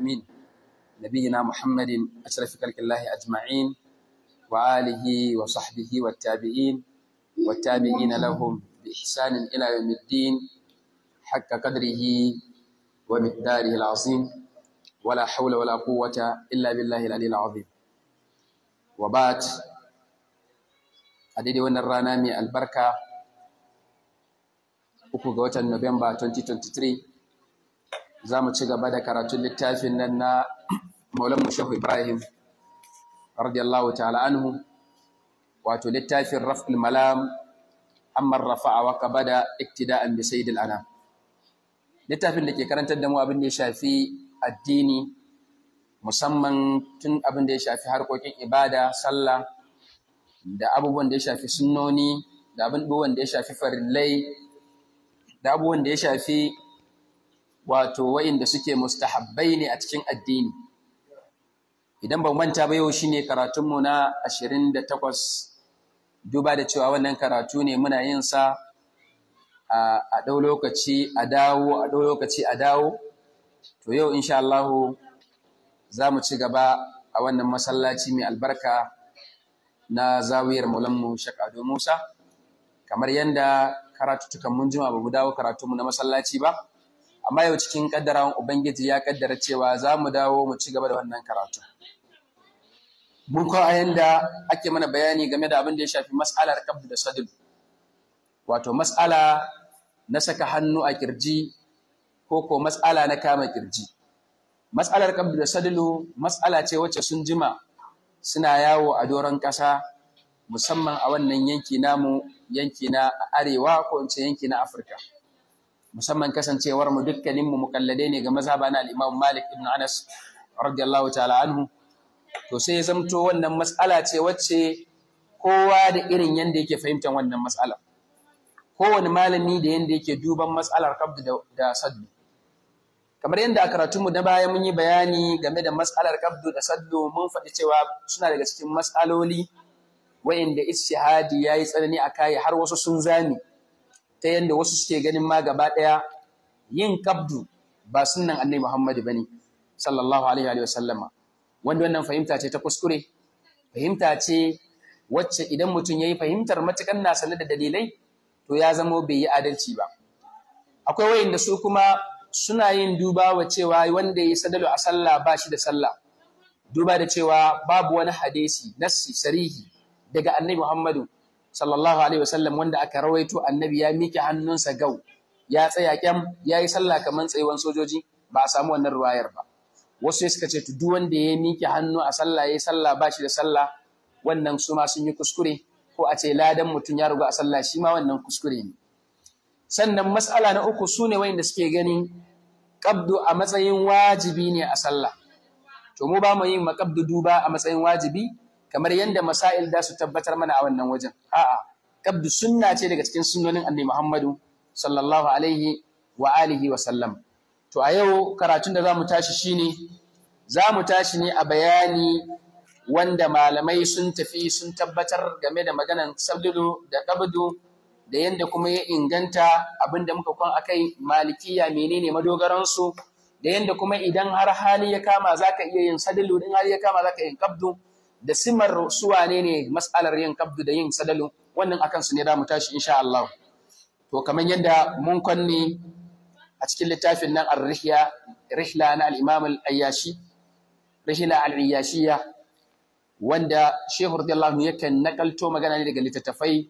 الأمين نبينا محمد أشرف خلق الله أجمعين وآله وصحبه والتابعين والتابعين لهم بإحسان إلى يوم الدين حق قدره ومقداره العظيم ولا حول ولا قوة إلا بالله العلي العظيم وبعد أديدي وأن الرانامي البركة uku ga watan Nuwamba 2023 za mu ci gaba da karatun littafin nan na maulan mushahu ibrahim radiyallahu ta'ala anhu wato littafin raf'ul malam amman rafa'a wa iktida'an bi sayyidil littafin da ke karantar da mu abin da ya shafi addini musamman tun abin da ya shafi harkokin ibada sallah da abubuwan da ya shafi sunnoni da abubuwan da ya shafi farillai da abubuwan da ya shafi wato wa'inda suke mustahabbai ne a cikin addini idan ban manta ba yau shine karatunmu na 28 duba da cewa wannan karatu ne muna yin sa a ɗau lokaci a dawo a ɗau lokaci a dawo to yau insha Allah za mu ci gaba a wannan masallaci mai albarka na zawiyar mulanmu Ado Musa kamar yadda karatutukan mun jima ba mu dawo karatunmu na masallaci ba amma yau cikin kaddarawan ubangiji ya kaddara cewa za mu dawo mu ci gaba da wannan karatu mun ayanda yanda ake mana bayani game da abin da ya shafi mas'alar kabdu da sadil wato mas'ala na saka hannu a kirji ko ko mas'ala na kama kirji mas'alar kabdu da sadilu mas'ala ce wacce sun jima suna yawo a doron ƙasa musamman a wannan yanki namu yanki na arewa ko in ce yanki na afirka musamman kasancewar mu dukkanin mu mukalladai ne ga mazhaba na al-Imam Malik ibn Anas radiyallahu ta'ala anhu to sai ya zamto wannan mas'ala ce wacce kowa da irin yanda yake fahimtar wannan mas'ala kowane malami da yanda yake duban mas'alar qabd da saddu kamar yadda a mu na baya mun yi bayani game da mas'alar kabdu da saddu mun faɗi cewa suna daga cikin mas'aloli wayanda ishihadi yayi tsanani a kayi har wasu sun zani. ta yadda wasu suke ganin ma gaba ɗaya yin kabdu ba sunan annabi Muhammadu ba ne. sallallahu alaihi wa sallama wanda wannan fahimta ce ta kuskure fahimta ce wacce idan mutum ya yi fahimtar matukan na sanar da dalilai to ya zamo bai yi adalci ba akwai wayanda su kuma suna yin duba wa cewa wanda ya sadalo a sallah ba shi da sallah duba da cewa babu wani hadisi nassi sarihi daga annabi Muhammadu sallallahu alaihi wasallam wanda aka rawaito annabi ya miƙe hannunsa gau ya tsaya kyam ya yi sallah kamar tsayuwan sojoji ba a samu wannan ruwayar ba wasu suka ce to duk wanda ya miki hannu a sallah ya yi sallah ba shi da sallah wannan su ma sun yi kuskure ko a ce ladan mutum ya ruga a sallah shi ma wannan kuskure ne sannan mas'ala na uku su ne wayanda suke ganin qabdu a matsayin wajibi ne a sallah to mu ba mu yin maqabdu duba a matsayin wajibi kamar yadda masail da su tabbatar mana a wannan wajen a'a kabdu sunna ce daga cikin sunnonin annabi Muhammadu sallallahu alaihi wa alihi wa sallam to a yau karatun da zamu tashi shine zamu tashi ne a bayani wanda malamai sun tafi sun tabbatar game da maganar sabdudu da qabdu da yadda kuma ya inganta abin da muka kwan akai malikiya menene madogaransu da yadda kuma idan har hali ya kama zaka iya yin sadulu in hali ya kama zaka yin qabdu da simar su ne ne mas'alar yin kabdu da yin sadalu wannan akan su ne da mu tashi insha Allah to kamar yadda mun kwanni a cikin littafin nan ar-rihya rihla na al-imam al-ayyashi rihla al-ayyashiyya wanda shehu radiyallahu yakan nakalto magana ne daga littattafai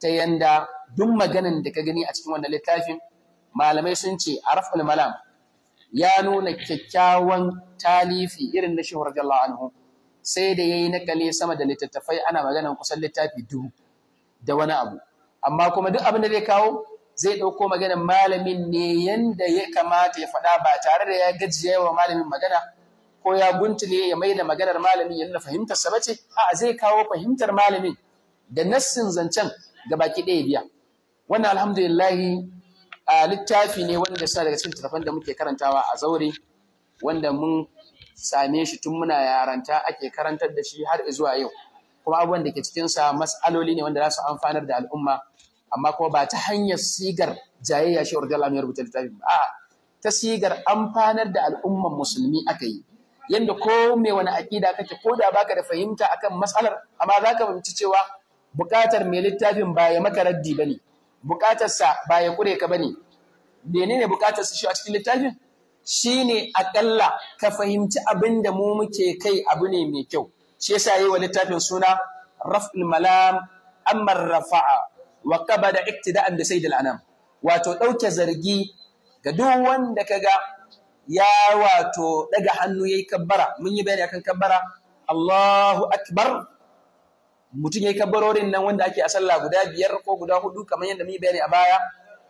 ta yanda duk maganan da ka gani a cikin wannan littafin malamai sun ce araful malam ya nuna kyakkyawan talifi irin na shehu radiyallahu anhu sai da yayi kale sama da littattafai ana maganan kusan littafi dubu da wani abu amma kuma duk abin da zai kawo zai ɗauko maganar malamin ne yanda ya kamata ya faɗa ba tare da ya gajiya wa malamin magana ko ya guntule ya mai da maganar malamin ya nuna fahimtar sa bace a'a zai kawo fahimtar malamin da nassin zancen ga baki ɗaya biya wannan alhamdulillahi a littafi ne wanda suna daga cikin tarafan da muke karantawa a zaure wanda mun same shi tun muna yaranta ake karantar da shi har zuwa yau kuma abubuwan da ke cikinsa mas'aloli ne wanda za su amfanar da al'umma amma kuma ba ta hanyar sigar jayayya shi urjal amir rubuta littafin ba a'a ta sigar amfanar da al'umman musulmi aka yi yanda ko me wani akida kake ko da baka da fahimta akan matsalar amma za ka fahimci cewa buƙatar mai littafin ba ya maka raddi bane ne? sa ba ya kure ka bane menene buƙatarsa shi a cikin littafin Shi ne aƙalla ka fahimci abin da mu muke kai abu ne mai kyau shi yasa yi wa littafin suna raf'ul malam amar rafa'a wa da iktida'an da sayyidil anam wato ɗauke zargi ga duk wanda ka ga ya wato ɗaga hannu ya yi kabbara mun yi bayani akan kabbara Allahu akbar mutum ya yi kabbarorin nan wanda ake a sallah guda biyar ko guda hudu kamar yadda mun yi bayani a baya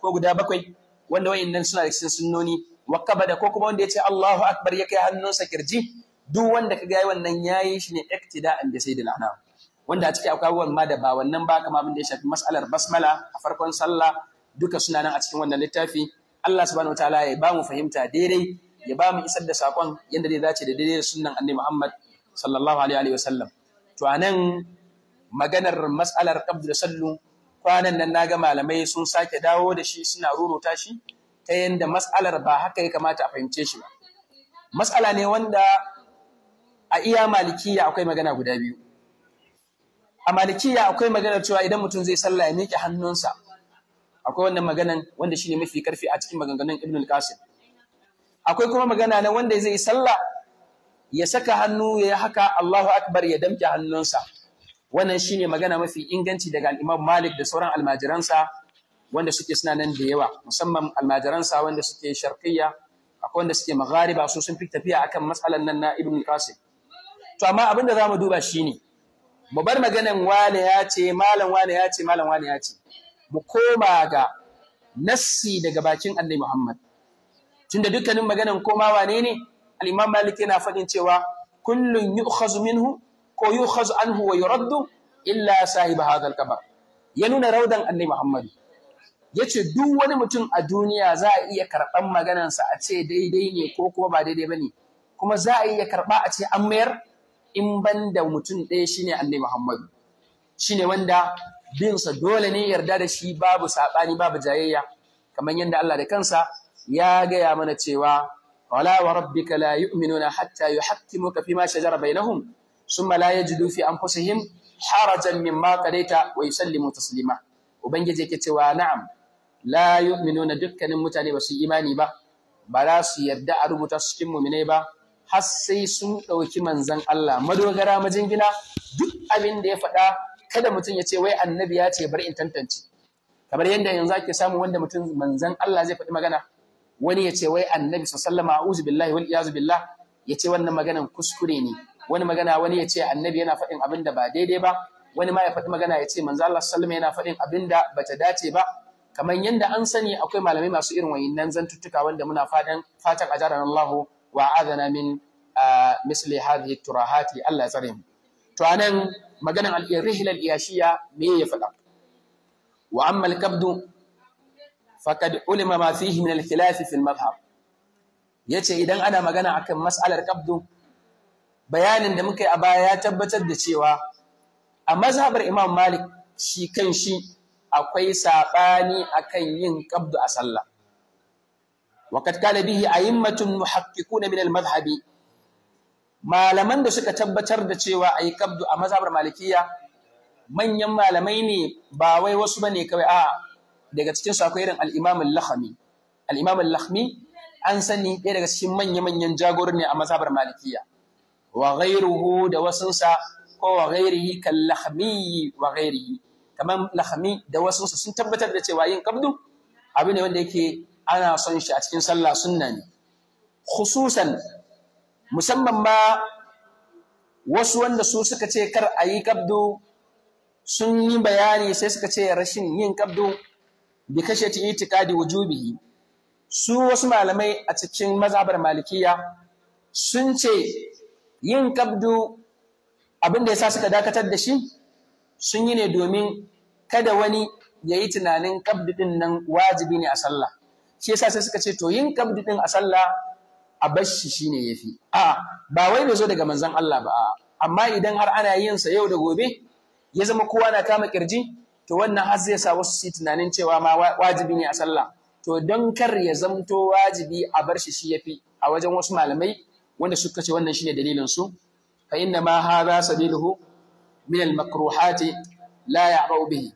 ko guda bakwai wanda nan suna da cikin sunnoni wakabada ko kuma wanda ya ce Allahu akbar ya kai hannunsa kirji duk wanda ka ga wannan yayi shi ne an bi sayyidil la'ana. wanda a ciki akwai abubuwan ma da ba wannan ba kamar abin da ya shafi mas'alar basmala a farkon sallah duka suna nan a cikin wannan littafi Allah subhanahu wataala ya ba mu fahimta daidai ya ba mu isar da sakon yanda zai dace da daidai da sunan Annabi Muhammad sallallahu alaihi wa sallam to anan maganar mas'alar qabdu sallu kwanan nan naga malamai sun sake dawo da shi suna rurota shi ta yadda matsalar ba haka ya kamata a fahimce shi ba Matsala ne wanda a iya malikiya akwai magana guda biyu a malikiya akwai maganar cewa idan mutum zai sallah ya miƙe hannunsa akwai wannan maganan wanda shi ne mafi karfi a cikin maganganun Ibn al-Qasim akwai kuma magana na wanda zai sallah ya saka hannu ya haka Allahu akbar ya damke hannunsa wannan shi ne magana mafi inganci daga imam Malik da sauran almajiransa wanda suke suna nan da yawa musamman almajiransa wanda suke sharqiyya akwai wanda suke maghariba su sun fi tafiya akan matsalan nan na ibn qasim to amma abin da zamu duba shine mu bar maganan wane ya ce malam wane ya ce malam wane ya ce mu koma ga nassi daga bakin Annabi Muhammad tunda dukkanin maganan koma wane ne al-Imam Malik yana faɗin cewa kullun yu'khazu minhu ko yu'khazu anhu wa yuraddu illa sahib hadha al-qabr ya nuna raudan Annabi Muhammad ya ce duk wani mutum a duniya za a iya karɓan maganansa a ce daidai ne ko kuma ba daidai ba ne kuma za a iya karɓa a ce an mayar in ban da mutum ɗaya shine annabi muhammadu shine wanda binsa dole ne yarda da shi babu saɓani babu jayayya kamar yadda Allah da kansa ya gaya mana cewa wala wa rabbika la yu'minuna hatta yuhaqqimuka fima shajara bainahum thumma la an fi anfusihim harajan mimma qadaita wa yusallimu taslima ubangiji yake cewa na'am la yu'minuna dukkanin mutane ba su imani ba ba za su yarda a rubuta su cikin muminai ba har sai sun ɗauki manzan Allah madogara majingina duk abin da ya faɗa kada mutum ya ce wai annabi ya ce bar in tantance kamar yadda yanzu ake samu wanda mutum manzan Allah zai faɗi magana wani ya ce wai annabi sallama a'udhu billahi wal iyazu billah ya ce wannan maganan kuskure ne wani magana wani ya ce annabi yana faɗin abin da ba daidai ba wani ma ya faɗi magana ya ce manzo Allah sallama yana faɗin abin da bata dace ba kamar yadda an sani akwai malamai masu irin wayannan zantuttuka wanda muna fatan fatan ajaran Allah wa adana min misli hadhihi turahati Allah tsare mu to anan maganan al-irhil al-iyashiya me ya faɗa wa amma al-kabdu faqad ulima ma fihi min al-khilaf fi al-madhhab yace idan ana magana akan mas'alar kabdu bayanin da muka yi a baya ya tabbatar da cewa a mazhabar Imam Malik shi kan shi akwai saɓani akan yin ƙabdu a sallah a قال به muhakkiku na minal mazhabi malaman da suka tabbatar da cewa ayi kabdu a mazhabar malikiya manyan malamai ne ba wai wasu bane kawai a daga cikin su akwai irin al-Imam an sani ɗaya daga cikin manya manyan jagorori ne a mazhabar malikiya wa ghayruhu da wasunsa ko wa ghayrihi kan lakhmi wa ghayrihi kamar lahami da wasu sun tabbatar da cewa yin kabdu abu ne wanda yake ana son shi a cikin sallah sunna ne khususan musamman ma wasu wanda su suka ce kar a yi kabdu sun yi bayani sai suka ce rashin yin kabdu bi kashe ta itikadi wujubihi su wasu malamai a cikin mazhabar malikiya sun ce yin kabdu abin da sa suka dakatar da shi sun yi ne domin kada wani ya yi tunanin kabdi nan wajibi ne a sallah shi yasa sai suka ce to yin kabdi a sallah a bashi ya fi. a ba wai bai zo daga manzon Allah ba amma idan har ana yin sa yau da gobe ya zama kowa na kama kirji to wannan har zai sa wasu su tunanin cewa ma wajibi ne a sallah to don kar ya zamto wajibi a bar shi shi yafi a wajen wasu malamai wanda suka ce wannan shine dalilin su fa inna ma hadha sabiluhu من المكروهات لا يعبأ به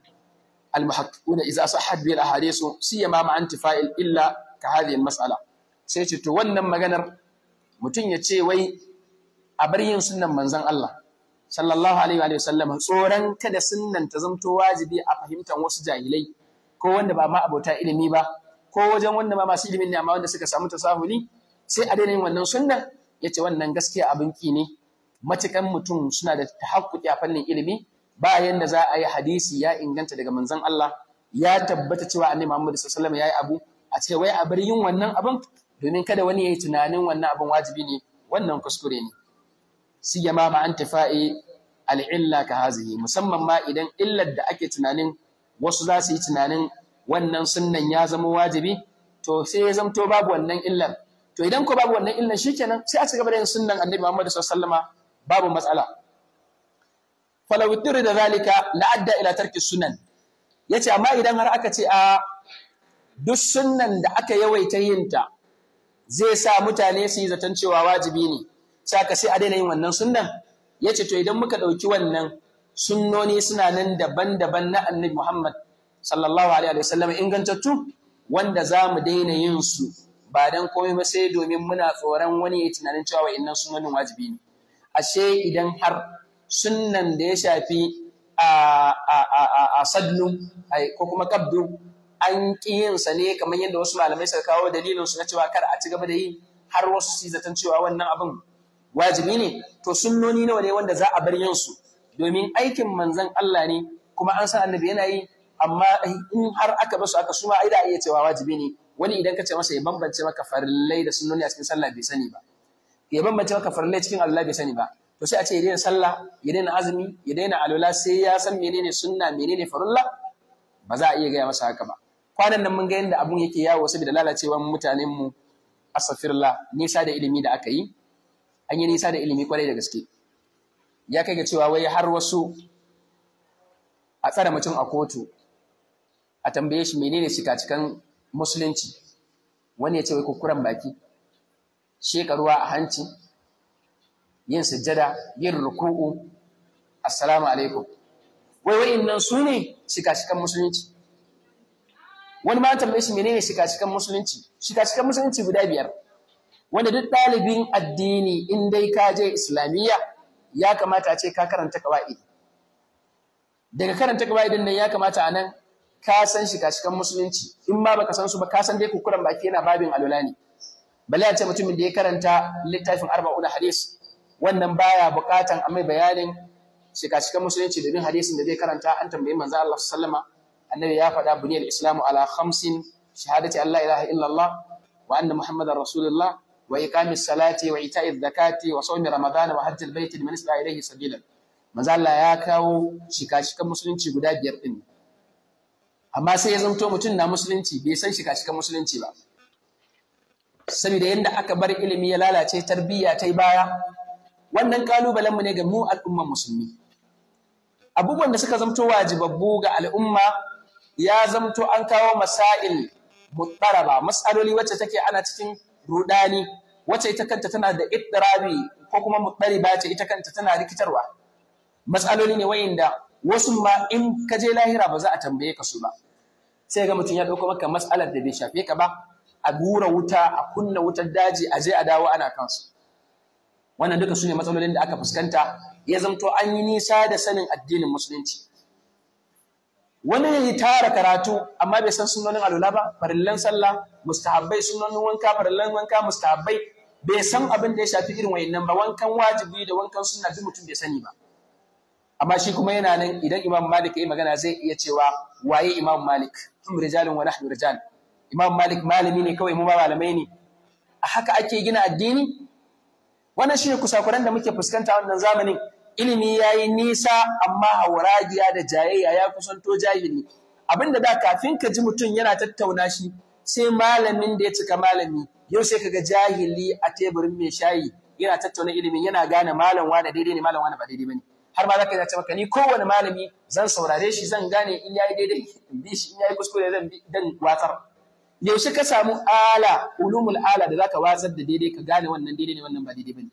المحققون إذا صحت به الأحاديث سيما مع انتفاء إلا كهذه المسألة سيتي تو wannan maganar mutum ya ce wai a bar yin sunnan manzon Allah sallallahu alaihi wa tsoron kada sunan ta zamto wajibi a fahimtar wasu jahilai ko wanda ba ma abota ilimi ba ko wajen wanda ma masu ilimin ne amma wanda suka samu tasahuli sai a daina yin wannan sunnan ce wannan gaskiya abin ki ne matukan mutum suna da tahakkuki a fannin ilimi ba yanda za a yi hadisi ya inganta daga manzon Allah ya tabbata cewa annabi Muhammad sallallahu alaihi wasallam yi abu a ce wai a bar yin wannan abin domin kada wani ya yi tunanin wannan abin wajibi ne wannan kuskure ne siyama ma an tafa'i al'illa ka hazihi musamman ma idan illar da ake tunanin wasu za su yi tunanin wannan sunnan ya zama wajibi to sai ya zamto babu wannan illar to idan ko babu wannan illar shikenan sai a ci gaba da yin sunnan annabi Muhammad sallallahu alaihi wasallama babu matsala falau da zalika la'adda ila tarki sunan yace amma idan har aka ce a duk sunan da aka yawaita yinta zai sa mutane su yi zaton cewa wajibi ne sai aka sai a daina yin wannan sunnan yace to idan muka ɗauki wannan sunnoni suna nan daban-daban na annabi Muhammad sallallahu alaihi sallam ingantattu wanda za mu daina yin su ba dan komai ba sai domin muna tsoron wani ya tunanin cewa wa'annan sunnonin wajibi ne ashe idan har sunnan da ya shafi a sadnu ko kuma kabdu an ƙi yinsa ne kamar yadda wasu malamai suka kawo dalilin su na cewa kar a ci gaba da yi har wasu su zaton cewa wannan abin wajibi ne to sunnoni nawa ne wanda za a bar yin su domin aikin manzon Allah ne kuma an san annabi yana yi amma in har aka basu aka suma ai da iya cewa wajibi ne wani idan ka ce masa ya bambance maka farillai da sunnoni a cikin sallah bai sani ba ya bambance maka farallai cikin alwala bai sani ba to sai a ce ya daina sallah ya daina azumi ya daina alwala sai ya san menene sunna menene farilla ba za a iya gaya masa haka ba kwanan nan mun ga yadda abun yake yawo saboda lalacewar mutanen mu asafirla nisa da ilimi da aka yi an yi nisa da ilimi kwarai da gaske ya kai ga cewa wai har wasu a tsare mutum a kotu a tambaye shi menene cika cikan musulunci wani ya ce wai kukuran baki sheka ruwa a hanci yin sujjada yin ruku'u assalamu alaikum wai nan su ne shika-shikan musulunci wani ma tambaye shi menene shika-shikan musulunci shika-shikan musulunci guda biyar wanda duk ɗalibin addini in dai ka je islamiyya ya kamata a ce ka karanta kawa'i daga karanta kawa'idin nan ya kamata a nan ka san shika-shikan musulunci in ma baka san su ba ka san dai kukuran baki yana babin alula ne bale a ce mutumin da ya karanta littafin arba'una hadis wannan baya bukatan a mai bayanin shika-shikan musulunci bin hadisin da zai karanta an tambayi manzo Allah sallama annabi ya faɗa buniyar islamu ala khamsin shahadati Allah ilaha illallah wa anna muhammadar rasulullah wa iqamis salati wa ita'iz zakati wa sawmi ramadana wa hajjal baiti liman isla ilayhi sabila manzo Allah ya kawo shika-shikan musulunci guda biyar din amma sai ya zanto mutum na musulunci bai san shika-shikan musulunci ba saboda yadda aka bar ilimi ya lalace tarbiyya ta baya wannan kalubalen mu ne ga mu al'umman musulmi abubuwan da suka zamto wajibabbu ga al'umma ya zamto an kawo masail mutaraba mas'aloli wacce take ana cikin rudani wacce ita kanta tana da ittirabi ko kuma mutariba ce ita kanta tana rikitarwa Matsaloli ne wayanda wasu ma in ka je lahira ba za a tambaye ka su ba sai ga mutum ya ɗauko maka mas'alar da bai shafe ka ba a gura wuta a kunna wutar daji a je a dawo ana kansu wannan duka su ne matsalolin da aka fuskanta ya zamto an yi nisa da sanin addinin musulunci wani ya yi tara karatu amma bai san sunanin alula ba farillan sallah mustahabbai sunanin wanka farillan wanka mustahabbai bai san abin da ya shafi irin wayannan ba wankan wajibi da wankan sunna duk mutum bai sani ba amma shi kuma yana nan idan imam malik ya yi magana zai iya cewa waye imam malik tun rijalin wa nahnu rijal imam malik malami ne kawai mu ma malamai ne a haka ake gina addini wannan ne kusakuran da muke fuskanta wannan zamanin ilimi ya yi nisa amma hauragiya da jayayya ya kusanto jahili Abin da da kafin ka ji mutum yana tattauna shi sai malamin da ya cika malami yau sai ka ga jahili a teburin mai shayi yana tattauna ilimi. yana gane malam wani daidai ne malam wani ba daidai ba ne. har ma za zaka ce maka ni kowane malami zan saurare shi zan gane in yayi daidai in bi shi in yayi kuskure zan bi dan watsar yaushe ka samu ala ulumul ala da zaka watsar da daidai ka gane wannan daidai ne wannan ba daidai bane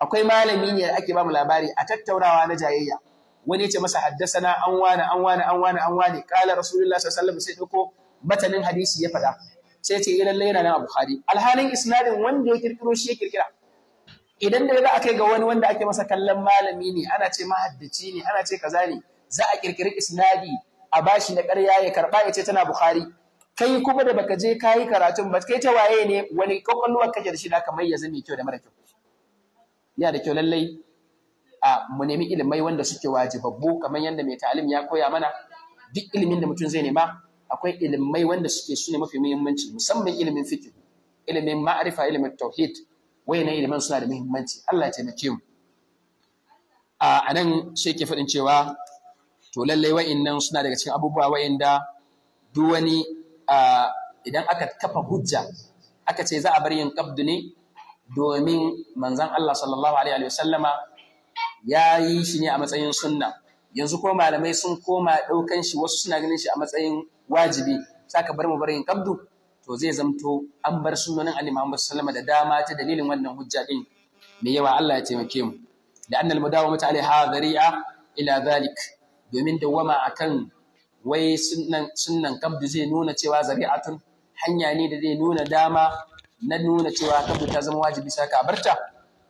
akwai malami ne ake ba mu labari a tattaunawa na jayayya wani ce masa haddasana an wani an wani an wani an wani kala rasulullahi sallallahu alaihi wasallam sai dako matanin hadisi ya faɗa sai ce idan eh, laina na bukhari alhalin isnadin wanda ya kirkiro shi ya kirkira idan da za a kai ga wani wanda ake masa kallon malami ne ana ce mahaddaci ne ana ce kaza ne za a kirkiri isnadi a bashi na ƙarya ya karɓa ya ce tana Bukhari kai kuma da baka je ka yi karatun ba kai ta waye ne wani kwakwalwar kake da shi da kamar ya mai kyau da mara kyau yana da kyau lallai a mu nemi ilimai wanda suke wajibabbu kamar yadda mai ta'alim ya koya mana duk ilimin da mutum zai nema akwai ilimai wanda suke su ne mafi muhimmanci musamman ilimin fikir, ilimin ma'arifa ilimin tauhid na ilimin suna da muhimmanci Allah ya taimake mu a nan sai ke faɗin cewa to lallai nan suna daga cikin abubuwa wa'inda duk wani idan aka kafa hujja aka ce za a bar yin kabdu ne domin manzan Allah sallallahu alaihi wasallama ya yi shi ne a matsayin sunna yanzu ko malamai sun koma ɗaukan shi wasu suna ganin shi a matsayin wajibi saka bar mu bar yin kabdu to zai zamto an bar sunanin annabi Muhammad sallallahu da dama ta dalilin wannan hujja din mai yawa Allah ya taimake mu da annal mudawamata alaiha dhari'a ila zalik domin dawwama akan wai sunan kabdu zai nuna cewa tun, hanya ne da zai nuna dama na nuna cewa kabdu ta zama wajibi ka barta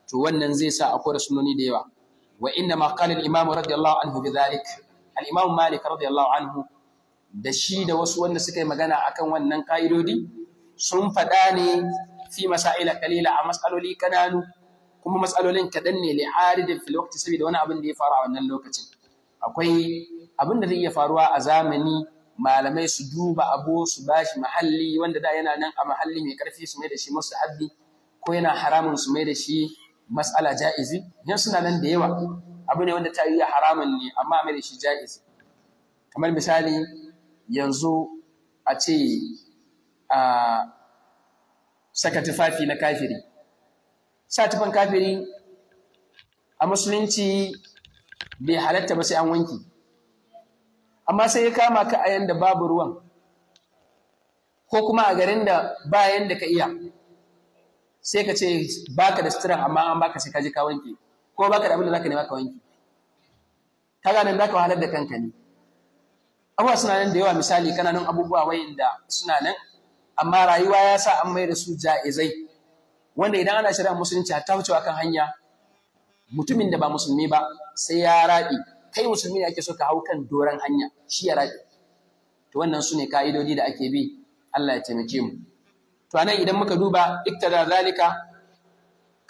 to wannan zai sa a kora sunoni da yawa wa inna ma qala al-imam radiyallahu anhu al-imam malik radiyallahu anhu da shi da wasu wanda suka yi magana akan wannan ka'idodi sun faɗa ne fi masaila kalila a matsaloli kananu kuma matsalolin kaɗan ne li'aridin fil waqti saboda wani abin da ya fara a wannan lokacin akwai abin da zai iya faruwa a zamani malamai su duba abu su bashi mahalli wanda da yana nan a mahalli mai karfi su mai da shi masu haddi ko yana haramun su mai da shi mas'ala ja'izi yan suna nan da yawa abu ne wanda ta yi haramun ne amma mai da shi ja'izi kamar misali yanzu a ce a saka tufafi na kafiri sa tufan kafiri a musulunci bai halatta ba sai an wanki amma sai ya kama ka a yanda babu ruwan ko kuma a garin da ba yanda ka iya sai ka ce baka da sutura amma an baka sai ka je ka wanke ko baka da abin da zaka nema ka wanke ka gane zaka wahalar da kanka ne abubuwa suna nan da yawa misali kananan abubuwa wayanda suna nan amma rayuwa ya sa an mai da su ja'izai wanda idan ana shirin musulunci tafi cewa kan hanya mutumin da ba musulmi ba sai ya raɗi kai musulmi ne ake so ka hau kan doron hanya shi ya raɗi to wannan su ne ka'idodi da ake bi Allah ya taimake mu to anan idan muka duba iktada zalika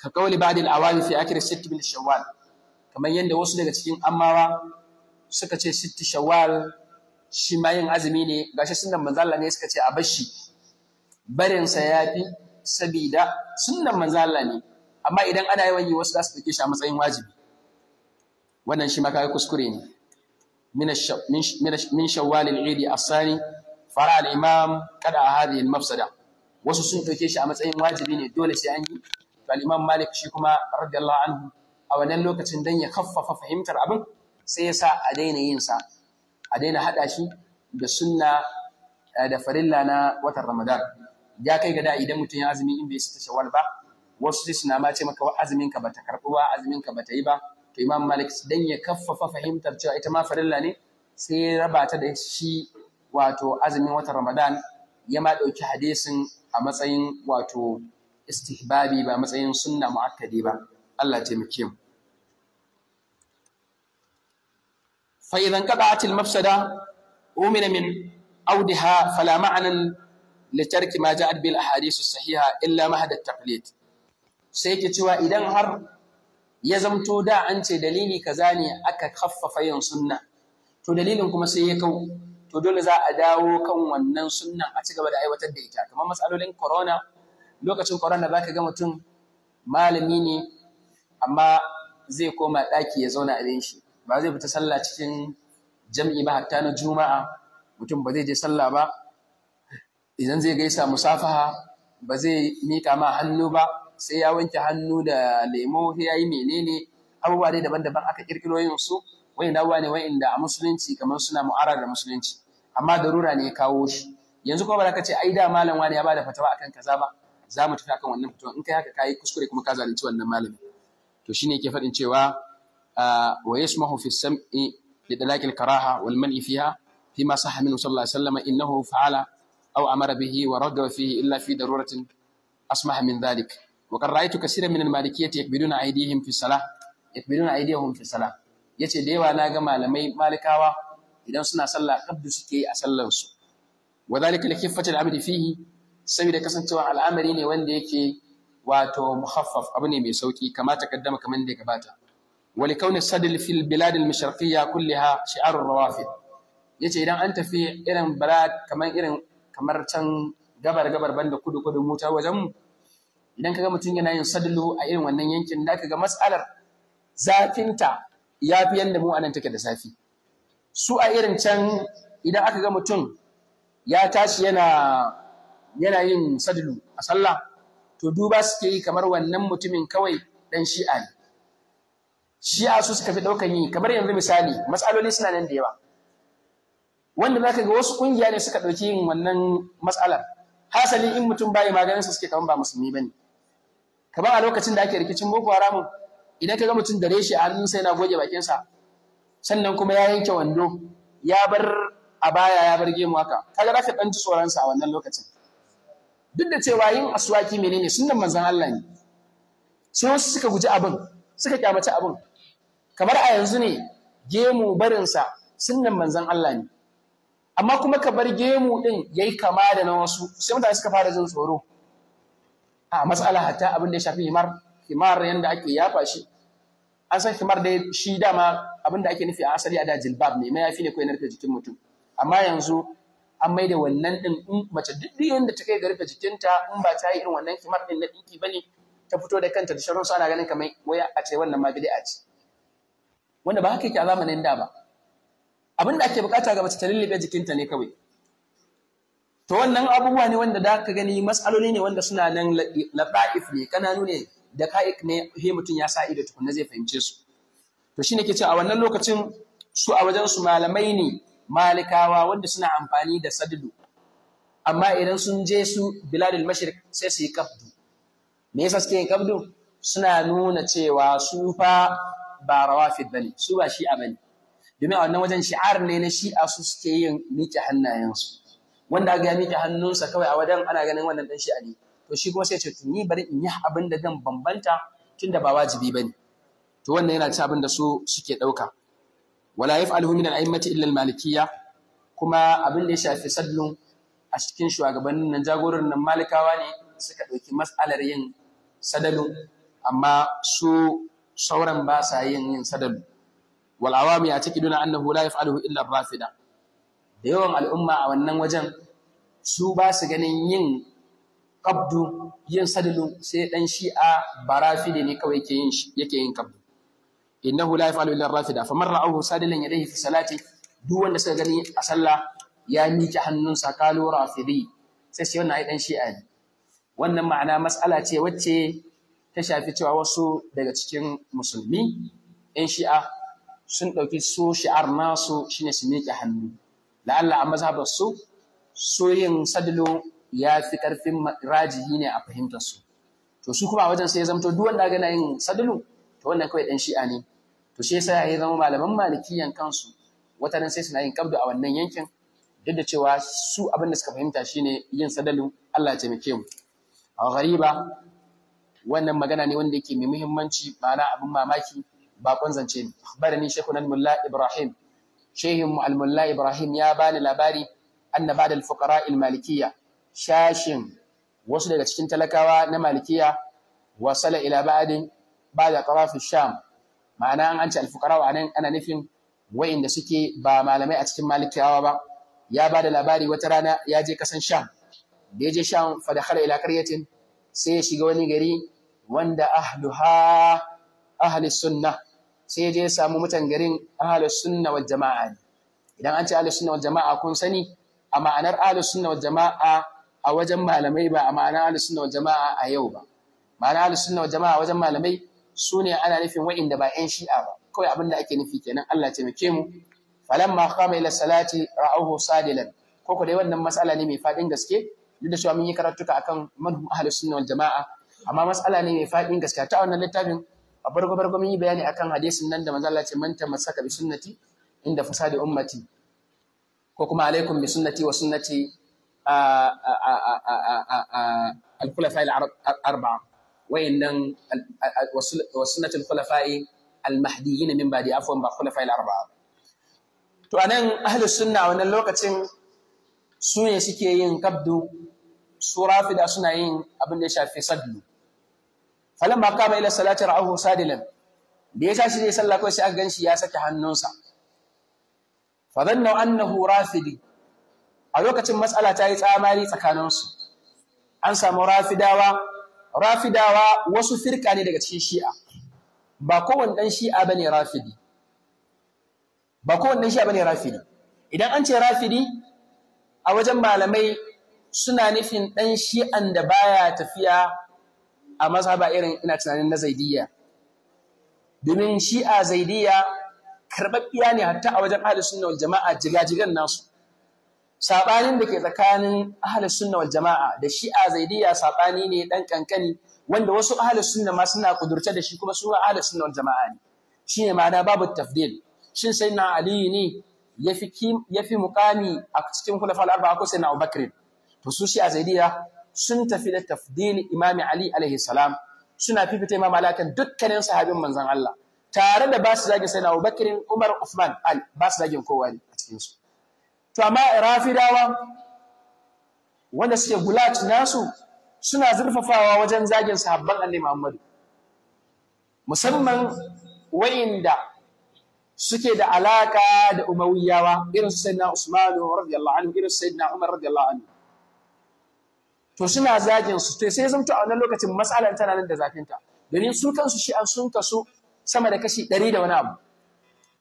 ka kauli ba'd al-awami fi akhir sitt bil shawwal kamar yanda wasu daga cikin ammawa suka ce sitt shawwal shi ma yin azumi ne gashi sunan manzo Allah ne suka ce a bashi barin sa yafi sabida sunan manzo Allah ne amma idan ana yawan yi wasu za su ɗauke shi a matsayin wajibi wannan shi maka kuskure ne min shawwal Idi Asani sani fara al-imam kada hadhihi al-mafsada wasu sun ɗauke shi a matsayin wajibi ne dole sai an yi to malik shi kuma radiyallahu anhu a wannan lokacin dan ya kaffafa fahimtar abin sai ya sa a daina yin sa a daina haɗa shi da sunna eh, da farilla na watan ramadan ya kai ga da idan mutum ya azumi in bai sita shawal ba wasu sai suna ma ce maka azumin ka bata karɓi ba azumin ka bata yi ba to imam malik dan ya kaffafa fahimtar cewa ita ma farilla ne sai ya raba ta da shi wato azumin watan ramadan ya ma ɗauki hadisin a matsayin wato istihbabi ba matsayin sunna mu'akkadi ba Allah taimake mu fa idan mafsada umina min awdiha fala ma'anar li tarki ma ja'at bil ahadith as-sahiha illa mahad at-taqlid sai ke cewa idan har ya zamto da an ce dalili kaza ne aka kaffafa yin sunna to dalilin kuma sai ya kau to dole za a dawo kan wannan sunnan a ci gaba da aiwatar da ita kamar matsalolin corona lokacin corona za ka ga mutum malami ne amma zai koma ɗaki ya zauna a shi ba zai fita sallah cikin jam'i ba hatta na juma'a mutum ba zai je sallah ba idan zai gaisa musafaha ba zai miƙa ma hannu ba sai ya wanke hannu da lemo sai ya yi menene abubuwa dai daban-daban aka kirkiro yin su wa'inda abubuwa ne wa'inda a musulunci kamar suna mu'arar da musulunci amma darura ne ya kawo shi yanzu kuma ba ka ce ai da malam wani ya bada fatawa akan kaza ba za mu tafi akan wannan fatawa in kai haka kai kuskure kuma ka zalunci wannan malami to shine yake faɗin cewa ah, wa yasmahu fi sam'i li dalakil karaha wal man'i fiha فيما صح منه صلى الله عليه وسلم إنه فعل أو أمر به ورغب فيه إلا في ضرورة أسمح من ذلك wa Raitu, kasira kaseeran min al-malikiyyati yakbiduna aydihim fi salah yakbiduna aydihim yace da yawa na ga malamai malikawa idan suna sallah kabdu suke yi a sallar su wa dhalika li khiffati al-amri fihi saboda kasancewa al'amari ne wanda yake wato muhaffaf abu ne mai sauki kama takaddama kamar da gabata ولكون السدل في البلاد المشرقية كلها شعار الروافد yace idan an tafi irin balad kamar irin kamar can gabar gabar banda kudu kudu muta wajen mu idan kaga mutum yana yin sadulu a irin wannan yankin da ga matsalar zafinta ya fi yadda mu anan take da zafi su a irin can idan aka ga mutum ya tashi yana yana yin sadulu a sallah to duba suke yi kamar wannan mutumin kawai dan shi'a ne shi'a su suka fi ɗaukan yi kamar yanzu misali matsaloli suna nan da yawa wanda za ka ga wasu ƙungiya ne suka ɗauki yin wannan matsalar hasali in mutum bai maganin su suke kamar ba musulmi ba ne ka a lokacin da ake rikicin boko haramun idan ka ga mutum da reshe a hannunsa yana goge bakinsa sannan kuma ya yanke wando ya bar a baya ya bar gemu haka kaga za ka ɗan tsoronsa a wannan lokacin duk da cewa yin aswaki menene sunnan manzon Allah ne sai wasu suka guji abin suka kyamaci abin kamar a yanzu ne gemu barinsa sunan manzon Allah ne amma kuma ka bar gemu din yayi kama da na wasu sai mutane suka fara jin tsoro a matsala hatta abin da ya shafi himar himar yanda ake yafa shi an san himar dai shi dama abin da ake nufi a asali a da jilbab ne mayafi ne ko ya narka jikin mutum amma yanzu an mai da wannan din in mace duk yanda ta kai ga rufe jikinta in ba ta yi irin wannan himar din na dinki bane ta fito da kanta da sharon ana ganin kamar waya a ce wannan ma bid'a ce wanda ba haka yake a zamanin da ba abin da ake bukata ga mace ta lullube jikinta ne kawai to wannan abubuwa ne wanda da ka gani matsaloli ne wanda suna nan laba'if ne kananu ne da ka'ik ne he mutum ya sa ido tukunna zai fahimce su to ne ke cewa a wannan lokacin su a wajen su malamai ne malikawa wanda suna amfani da saddu amma idan sun je su biladul mashirik sai su yi kabdu me yasa suke yin kabdu suna nuna cewa su fa ba rawafid bane su ba shi'a bane domin a wannan wajen shi'ar ne na shi'a su suke yin miƙe hannayensu wanda aka ya miƙe hannunsa kawai a wajen ana ganin wannan dan a ne to shi kuma sai ce to bari in yi abin da zan bambanta tunda ba wajibi bane to wannan yana ci abin da su suke ɗauka wala yaf'alu min al-a'immati illa al-malikiyya kuma abin da ya shafi sallun a cikin shugabannin nan jagoran nan malikawa ne suka ɗauki mas'alar yin sadalu amma su sauran ba sa yin yin sadalu wal awami ya take duna annahu la yaf'alu illa rafida da yawan al'umma a wannan wajen su ba su ganin yin kabdu yin sadalu sai dan shi'a barafide ne kawai yake yin yake yin kabdu innahu la yaf'alu illa rafida faman ra'ahu ya yadayhi fi salati duk wanda suka gani a sallah ya miƙe hannunsa kalu rafidi sai sai wannan ai dan shi'a ne wannan ma'ana matsala ce wacce ta shafi cewa wasu daga cikin musulmi 'yan shi'a sun ɗauki su shi'ar nasu shine su miki hannu la'alla a mazhabar su soyin sadilo ya fi karfin rajihi ne a fahimtar su to su kuma wajen sai ya zamto duk wanda gana yin sadilo, to wannan kawai dan shi'a ne to shi sai ya zama malaman malikiyan kansu wata nan sai suna yin kabdu a wannan yankin duk da cewa su abin da suka fahimta shine yin sadalu Allah ya taimake mu a ghariba wannan magana ne wanda yake mai muhimmanci ma'ana abin mamaki bakon zance ne akhbarani shaykhuna mulla ibrahim shehin mu almulla ibrahim ya bani labari anna ba'da fuqara al-malikiyya shashin wasu daga cikin talakawa na malikiyya wasala ila ba'din ba'da qaraf sham ma'ana an ce al-fuqara wa anan ana nufin wa'inda suke ba malamai a cikin malikiyawa ba ya bada labari wata rana ya je kasan sham da ya je sham fa dakhala ila qaryatin sai ya shiga wani gari wanda ahluha ahli sunnah sai je ya samu mutan garin ahlus sunna wal jama'a ne idan an ce ahlus sunna wal jama'a kun sani a ma'anar ahlus sunna wal jama'a a wajen malamai ba a ma'anar ahlus sunna wal jama'a a yau ba ma'anar ahlus sunna wal jama'a a wajen malamai su ne ana nufin wa'inda ba 'yan shi'a ba kawai abin da ake nufi kenan Allah taimake mu falamma qama ila salati ra'awhu sadilan ko ko dai wannan matsala ne mai fadin gaske duk da cewa mun yi karatuka akan manhum ahlus sunna wal jama'a amma matsala ne mai fadin gaske ta wannan littafin a farko farko mun yi bayani akan hadisin nan da manzo Allah ce man tamassaka bi sunnati inda fasadi ummati ko kuma alaikum bi sunnati wa sunnati al-khulafa al-arba'a wayannan wa sunnati al-khulafa al-mahdiyyin min ba'di afwan ba khulafa al-arba'a to anan ahlus sunna wannan lokacin su ne suke yin kabdu su rafida suna yin abin da ya shafi sadlu falamma kama ila salati ra'ahu sadilan da yasa shi zai sallah kawai sai aka ganshi ya saki hannunsa fa dhanna annahu rafidi a lokacin matsala ta yi tsamari tsakaninsu an samu rafidawa rafidawa wasu firka ne daga cikin shi'a ba kowanne dan shi'a bane rafidi ba kowanne dan shi'a bane rafidi idan an ce rafidi a wajen malamai suna nufin dan shi'an da baya tafiya a mazhaba irin ina tunanin na zaidiyya domin shi'a zaidiyya karɓaɓɓiya ne hatta a wajen ahli sunna wal jama'a jigajigan nasu sabanin da ke tsakanin ahlus sunna wal jama'a da shi'a zaidiyya saɓani ne dan kankani wanda wasu ahlus sunna ma suna kudurce da shi kuma su ahlus sunna wal jama'a ne shine ma'ana babu tafdil shin sai na Aliyu ne ya fi muqami a cikin khulafa'ul arba'a ko sai na abubakar to su shi'a zaidiyya sun tafi da tafdili imami ali alaihi salam suna fifita imam ali kan dukkanin sahabin manzon Allah tare da ba su zagin sayyidina Abubakar Umar Uthman Ali ba su zagin kowa ne a cikin su to amma rafidawa wanda suke gulat nasu suna zurfafawa wajen zagin sahabban Annabi Muhammad musamman wayanda suke da alaka da umawiyawa irin sayyidina Usman radiyallahu anhu irin sayyidina Umar radiyallahu anhu to suna zagin su to sai zamto a wannan lokacin matsalan tana nan da zafinta domin su kansu shi'a sun kasu sama da kashi ɗari da wani abu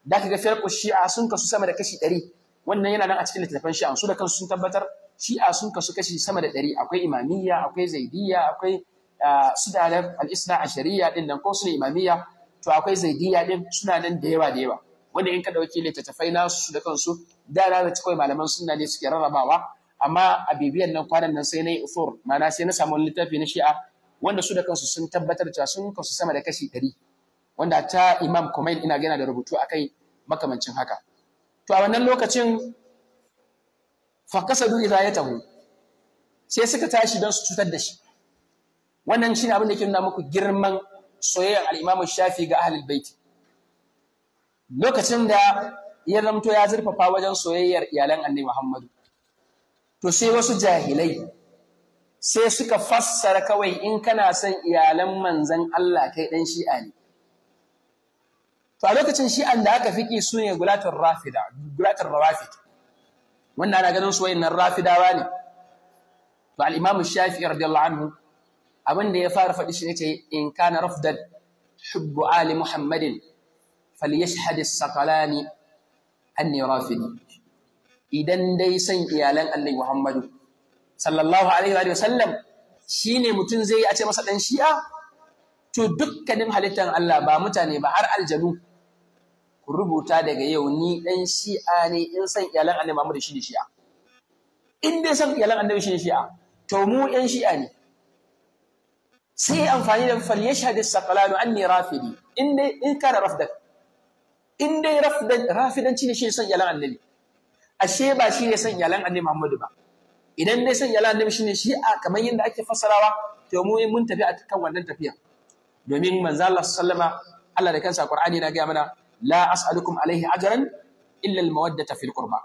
da ka ga ku shi'a sun kasu sama da kashi ɗari wannan yana nan a cikin littattafan shi'a su da kansu sun tabbatar shi'a sun kasu kashi sama da ɗari akwai imamiyya akwai zaidiyya akwai ah, su da al-isna ashariya din nan ko su imamiyya to akwai zaidiyya din suna nan da yawa da yawa wanda in ka ɗauki littattafai nasu da kansu da na da cikin malaman sunna ne suke rarrabawa amma a bibiyar nan kwanan nan sai na yi usur, mana sai na samu littafi na shi'a wanda su da kansu sun tabbatar cewa sun kasu sama da kashi ɗari wanda ta imam kumail ina gana da rubutu a kai makamancin haka to a wannan lokacin za ya taho sai suka tashi don su cutar da shi wannan ne abin da ke nuna muku girman soyayyar al Shafi ga ahalin baiti lokacin da ya zamto ya zurfafa wajen soyayyar iyalan Annabi Muhammadu to sai wasu jahilai sai suka fassara kawai in kana son iyalan manzan Allah kai dan shi'a ne to a lokacin shi'an da aka fiki su ne gulatul rafida gulatul rawafid wannan ana ganin su wayannan rafidawa ne to al-imam shafi'i radiyallahu anhu abin da ya fara faɗi shi yace in kana rafdan hubbu ali muhammadin falyashhad as-saqalani anni rafidi idan dai san iyalan annabi Muhammadu sallallahu alaihi wa sallam shine mutum zai yi a ce masa dan shi'a to dukkanin halittar Allah ba mutane ba har aljanu ku rubuta daga yau ni dan shi'a ne in san iyalan annabi Muhammadu shi ne shi'a in dai san iyalan annabi shi ne shi'a to mu yan shi'a ne sai amfani da fal yashhad as-saqalanu anni rafidi in dai in kana rafdak in dai rafidanci ne shi san iyalan annabi ashe ba shi ne san iyalan annabi Muhammadu ba idan dai san iyalan annabi shine shi'a kamar yadda ake fassarawa to mu mun tafi a kan wannan tafiya domin manzo Allah sallama Allah da kansa Qur'ani na gaya mana la as'alukum alaihi ajran illa al-mawaddata fil qurba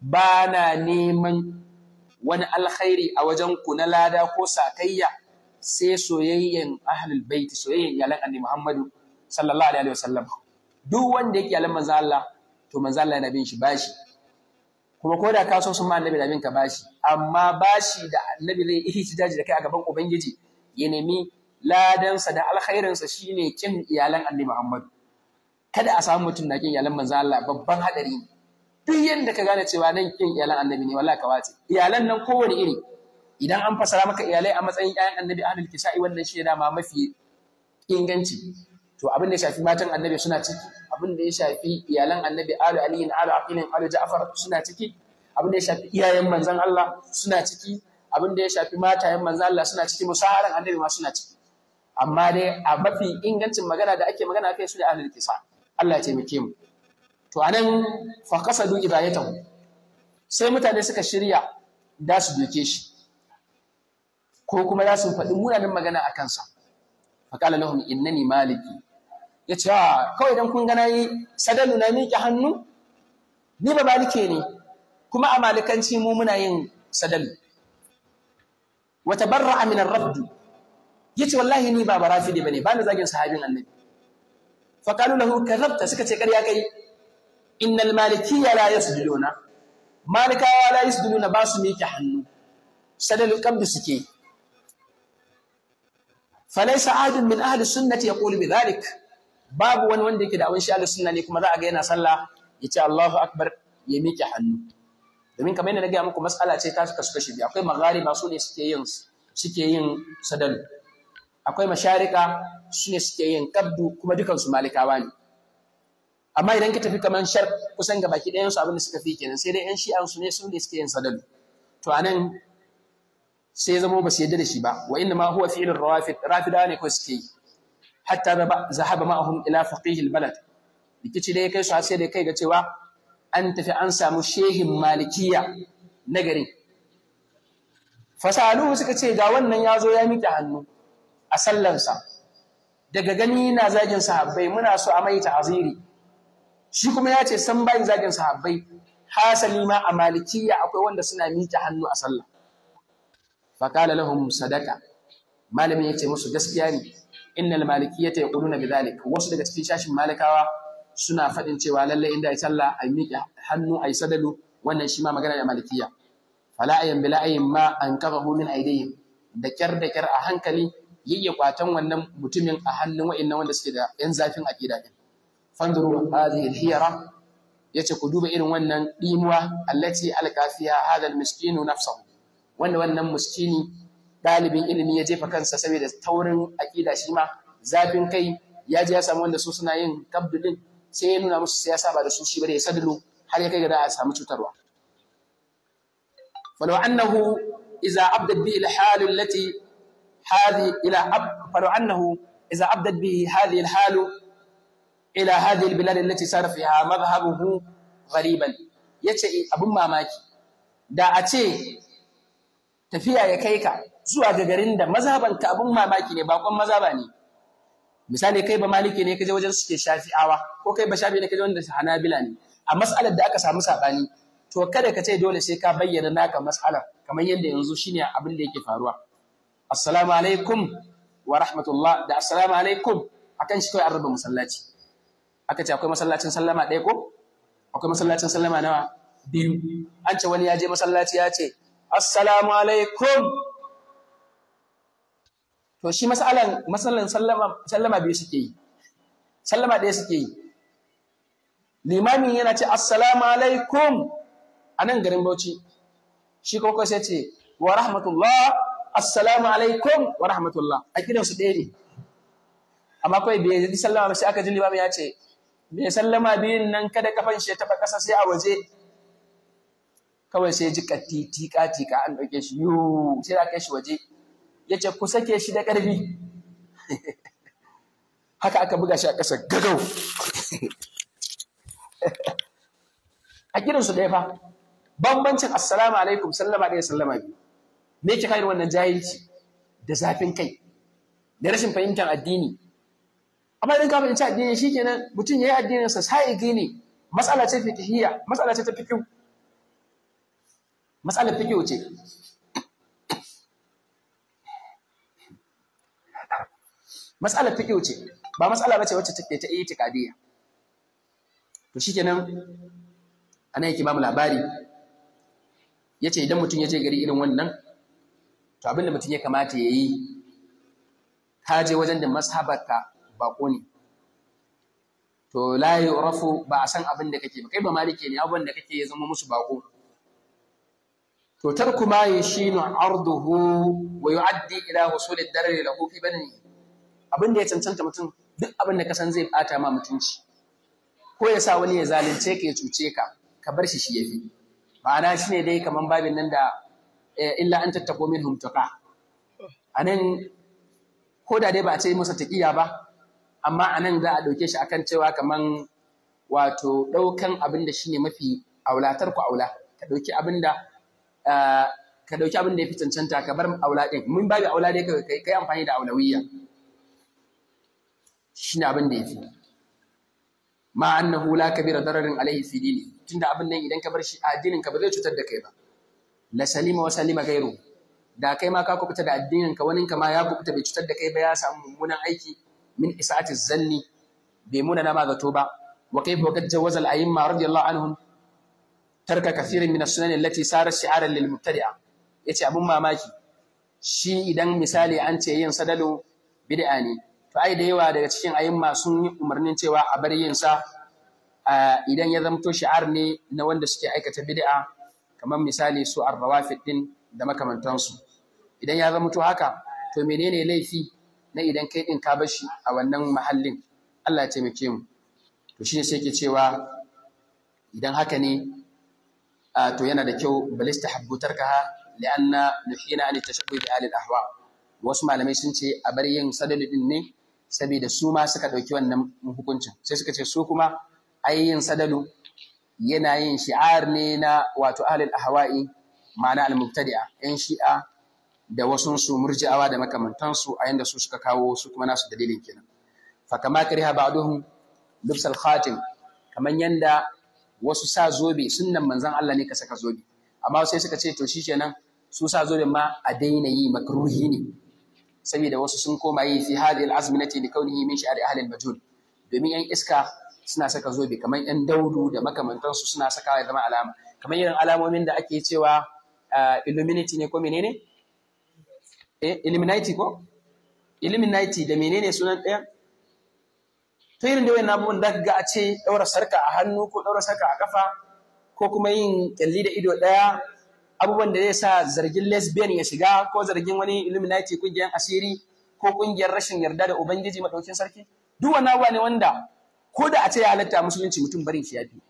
ba na neman wani alkhairi a wajen ku na lada ko sakayya sai soyayyen ahlul bait soyayyen iyalan annabi Muhammadu sallallahu alaihi wasallam duk wanda yake iyalan manzo Allah to manzo Allah yana bin shi bashi kuma ko da ka so sun ma annabi da ka bashi amma bashi da annabi zai yi hijjaji da kai a gaban ubangiji ya nemi ladansa da alkhairinsa shine kin iyalan annabi Muhammadu kada a samu mutum na kin iyalan manzo Allah babban hadari ne duk yadda ka gane cewa nan kin iyalan annabi ne wallahi ka wace iyalan nan kowane iri idan an fasara maka iyalai a matsayin ƴaƴan annabi ahlul kisa'i wannan shi ne dama mafi inganci to abin da ya shafi matan annabi suna ciki abin da ya shafi iyalan annabi alu aliyin alu aqilin alu ja'far suna ciki abin da ya shafi iyayen manzon Allah suna ciki abin da ya shafi matayen manzon Allah suna ciki musaharan annabi ma suna ciki amma dai a mafi ingancin magana da ake magana kai su da ahlul kisa Allah ya taimake mu to anan fa qasadu idayatahu sai mutane suka shirya da su doke shi ko kuma za su faɗi munanan magana a kansa qala lahum innani maliki ya ce ah, kawai don kun gana yi sadalu na miƙe hannu ni ba malike ne kuma a malikanci mu muna yin sadalu wata barra aminar rabdu ya ce wallahi ni ba barafi ne ba ne ba ni zagin sahabin annabi faƙalu lahu karrabta suka ce ƙarya kai innal malikiya la yasjuduna malikawa la yasjuduna ba su miƙe hannu sadalu qabdi suke فليس عاد min اهل السنه يقول بذلك babu wani wanda yake da abin shi sunna ne kuma za a ga yana sallah ya ce Allahu akbar ya miƙe hannu domin kamar yadda na gaya muku mas'ala ce ta suka suka shirya akwai maghariba su ne suke yin suke yin sadalu akwai masharika su ne suke yin kabdu kuma dukansu malikawa ne amma idan ka tafi kamar shar kusan ga baki su abin da suka fi kenan sai dai yan shi'an su ne su ne suke yin sadalu to anan sai ya zama ba su yadda da shi ba wa inna ma huwa fi'lur rafid rafida ne ko suke yi hatta zahaba ma'ahum ila faqih albalad rikici da ya kai su a sai da kai ga cewa an tafi an samu shehin malikiya na garin fasaluhu suka ce ga wannan yazo ya miƙe hannu a sallansa daga gani na zagin sahabbai muna so a mai ta'aziri shi kuma ya ce san bayin zagin sahabbai hasali ma a malikiya akwai wanda suna miƙe hannu a sallah fa qala lahum sadaqa malami ya ce musu gaskiya ne innal malikiyata yaquluna bidhalik wasu daga cikin shashin malikawa suna faɗin cewa lalle inda ya sallah ai miƙe hannu ai sadalu wannan shi ma magana da malikiya fala ayyan bila ayyin ma an kafahu min aidihim da kyar da kyar a hankali yayye kwatan wannan mutumin a hannun wa'annan wanda suke da yan zafin aqida din fanzuru hadhihi al yace ku duba irin wannan dimuwa allati alkafiya hadha muskini miskinu nafsuhu wanda wannan miskini ɗalibin ilimi ya jefa kansa saboda taurin aƙida shi ma zafin kai ya je ya samu wanda su suna yin kabdulin sai ya nuna musu siyasa ba da su shi bane ya sadulu har ya kai ga da a samu cutarwa falau annahu iza abdat bi alhal allati hadhi ila ab falau annahu iza abdat bi ila ghariban yace eh, abun mamaki da a ce tafiya ya kai ka zuwa ga garin da mazhabanta abun mamaki ne bakon mazhaba ne misali kai ba maliki ne kaje wajen suke shafi'awa ko kai ba shafi ne kaje wanda hanabila ne a mas'alar da aka samu sabani to kada ka ce dole sai ka bayyana naka mas'alar kamar yadda yanzu shine abin da yake faruwa assalamu alaikum wa rahmatullah da assalamu alaikum akan shi kai an musallaci masallaci aka ce akwai masallacin sallama ɗaya ko akwai masallacin sallama nawa biyu an ce wani ya je masallaci ya ce assalamu alaikum to shi masalan masalan sallama sallama biyu suke yi sallama ɗaya suke yi limamin yana ce assalamu alaikum a nan garin bauchi shi koko sai ce wa rahmatullah assalamu alaikum wa rahmatullah a su ɗaya ne amma kawai bai yi sallama sai aka ji limamin ya ce bai sallama biyun nan kada kafan shi ya taɓa ƙasa sai a waje kawai sai ji ka tika-tika, an ɗauke shi yiwu sai aka kai shi waje ya ce ku sake shi da ƙarfi haka aka buga shi a ƙasa gagau a da ɗaya fa bambancin assalamu alaikum sallama ɗaya sallama me yake kayar wannan jahilci da zafin kai da rashin fahimtar addini amma idan ka fahimci addini shikenan mutum ya yi addininsa sai gini matsala ce fikihiyya matsala ce ta fikihu matsalar fikihu ce matsalar fiqh ce ba matsala bace wacce take ta itikadiyya to shikenan anan yake ba mu labari yace idan mutum ya je gari irin wannan to abinda mutum ya kamata ya yi ka je wajen da mashabarka bako ne to la yu'rafu ba a san abin da kake ba kai ba malike ne abin da kake ya zama musu bako to tarku ma yashinu arduhu wa yu'addi ila husuli ad-darar lahu fi badani abin da ya cancanta mutum duk abin da ka san zai bata ma mutunci ko ya sa wani ya zalunce ka ya cuce ka ka bar shi shi ya fi ma'ana shine dai kamar babin nan da eh, illa an tattako humtuka a nan ko da dai ba a ce masa taƙiya ba amma a nan za a ɗauke shi akan cewa kamar wato ɗaukan abin da shi ne mafi aulatar ku aula ka ɗauki abin da eh, ka ɗauki abin da ya fi cancanta ka bar aula ɗin mun babi aula dai kai amfani da aulawiyya shi ne abin da ya fi ma annahu la kabira dararin alaihi ne. dini tunda abin nan idan ka bar shi addinin ka ba zai cutar da kai ba la salima wa salima gairu da kai ma ka kubuta da addinin ka wani ma ya kubuta bai cutar da kai ba ya samu mummunan aiki min isa'ati zanni bai muna na ma zato ba wa kaifa qad jawaza al ma, radiyallahu anhum tarka kathirin min sunan allati sarat shi'aran lil mubtadi'a yace abun mamaki shi idan misali an ce yin sadalo bid'a ne to da yawa daga cikin ayyuma masu yi umarnin cewa a bar yin sa idan ya zamto shi'ar ne na wanda suke aikata bida'a, kamar misali su ar-rawafid din da makamantansu idan ya zamto haka to menene laifi na idan kai din ka bar shi a wannan mahallin Allah ya taimake mu to shine sai ke cewa idan haka ne to yana da kyau balista habbutar ka li'anna nuhina an tashabbu bi ahli al-ahwa wasu malamai sun ce a bar yin sadadin ne saboda su ma suka ɗauki wannan hukuncin sai suka ce su kuma yin sadalu yana yin shi'ar ne na wato ahlul ahwa'i ma'ana al-mubtadi'a yan shi'a da wasu su murji'awa da makamantansu a yanda su suka kawo su kuma nasu dalilin kenan fa kama kariha ba'duhum lubsal khatim kaman yanda wasu sa zobe sunnan manzon Allah ne ka saka zobe amma sai suka ce to shi nan su sa zobe ma a daina yi makruhi ne saboda wasu sun koma yi fi hadhihi al-azminati li kaunihi min shi'ari ahli al-majhul domin yan iska suna saka zobe kamar yan daudu da makamantansu suna saka ya zama alama kamar irin alamomin da ake cewa eh, illuminati ne ko menene eh illuminati ko illuminati da menene sunan ɗaya ta irin da wani abubuwan da ga a ce ɗaura sarka a hannu ko ɗaura sarka a kafa ko kuma yin kyalli da ido ɗaya abubuwan da zai sa zargin lesbian ya shiga ko zargin wani illuminati kungiyar asiri ko kungiyar rashin yarda da ubangiji madaukin sarki duk wani abuwa ne wanda ko da a ce ya halatta musulunci mutum barin shi ya fi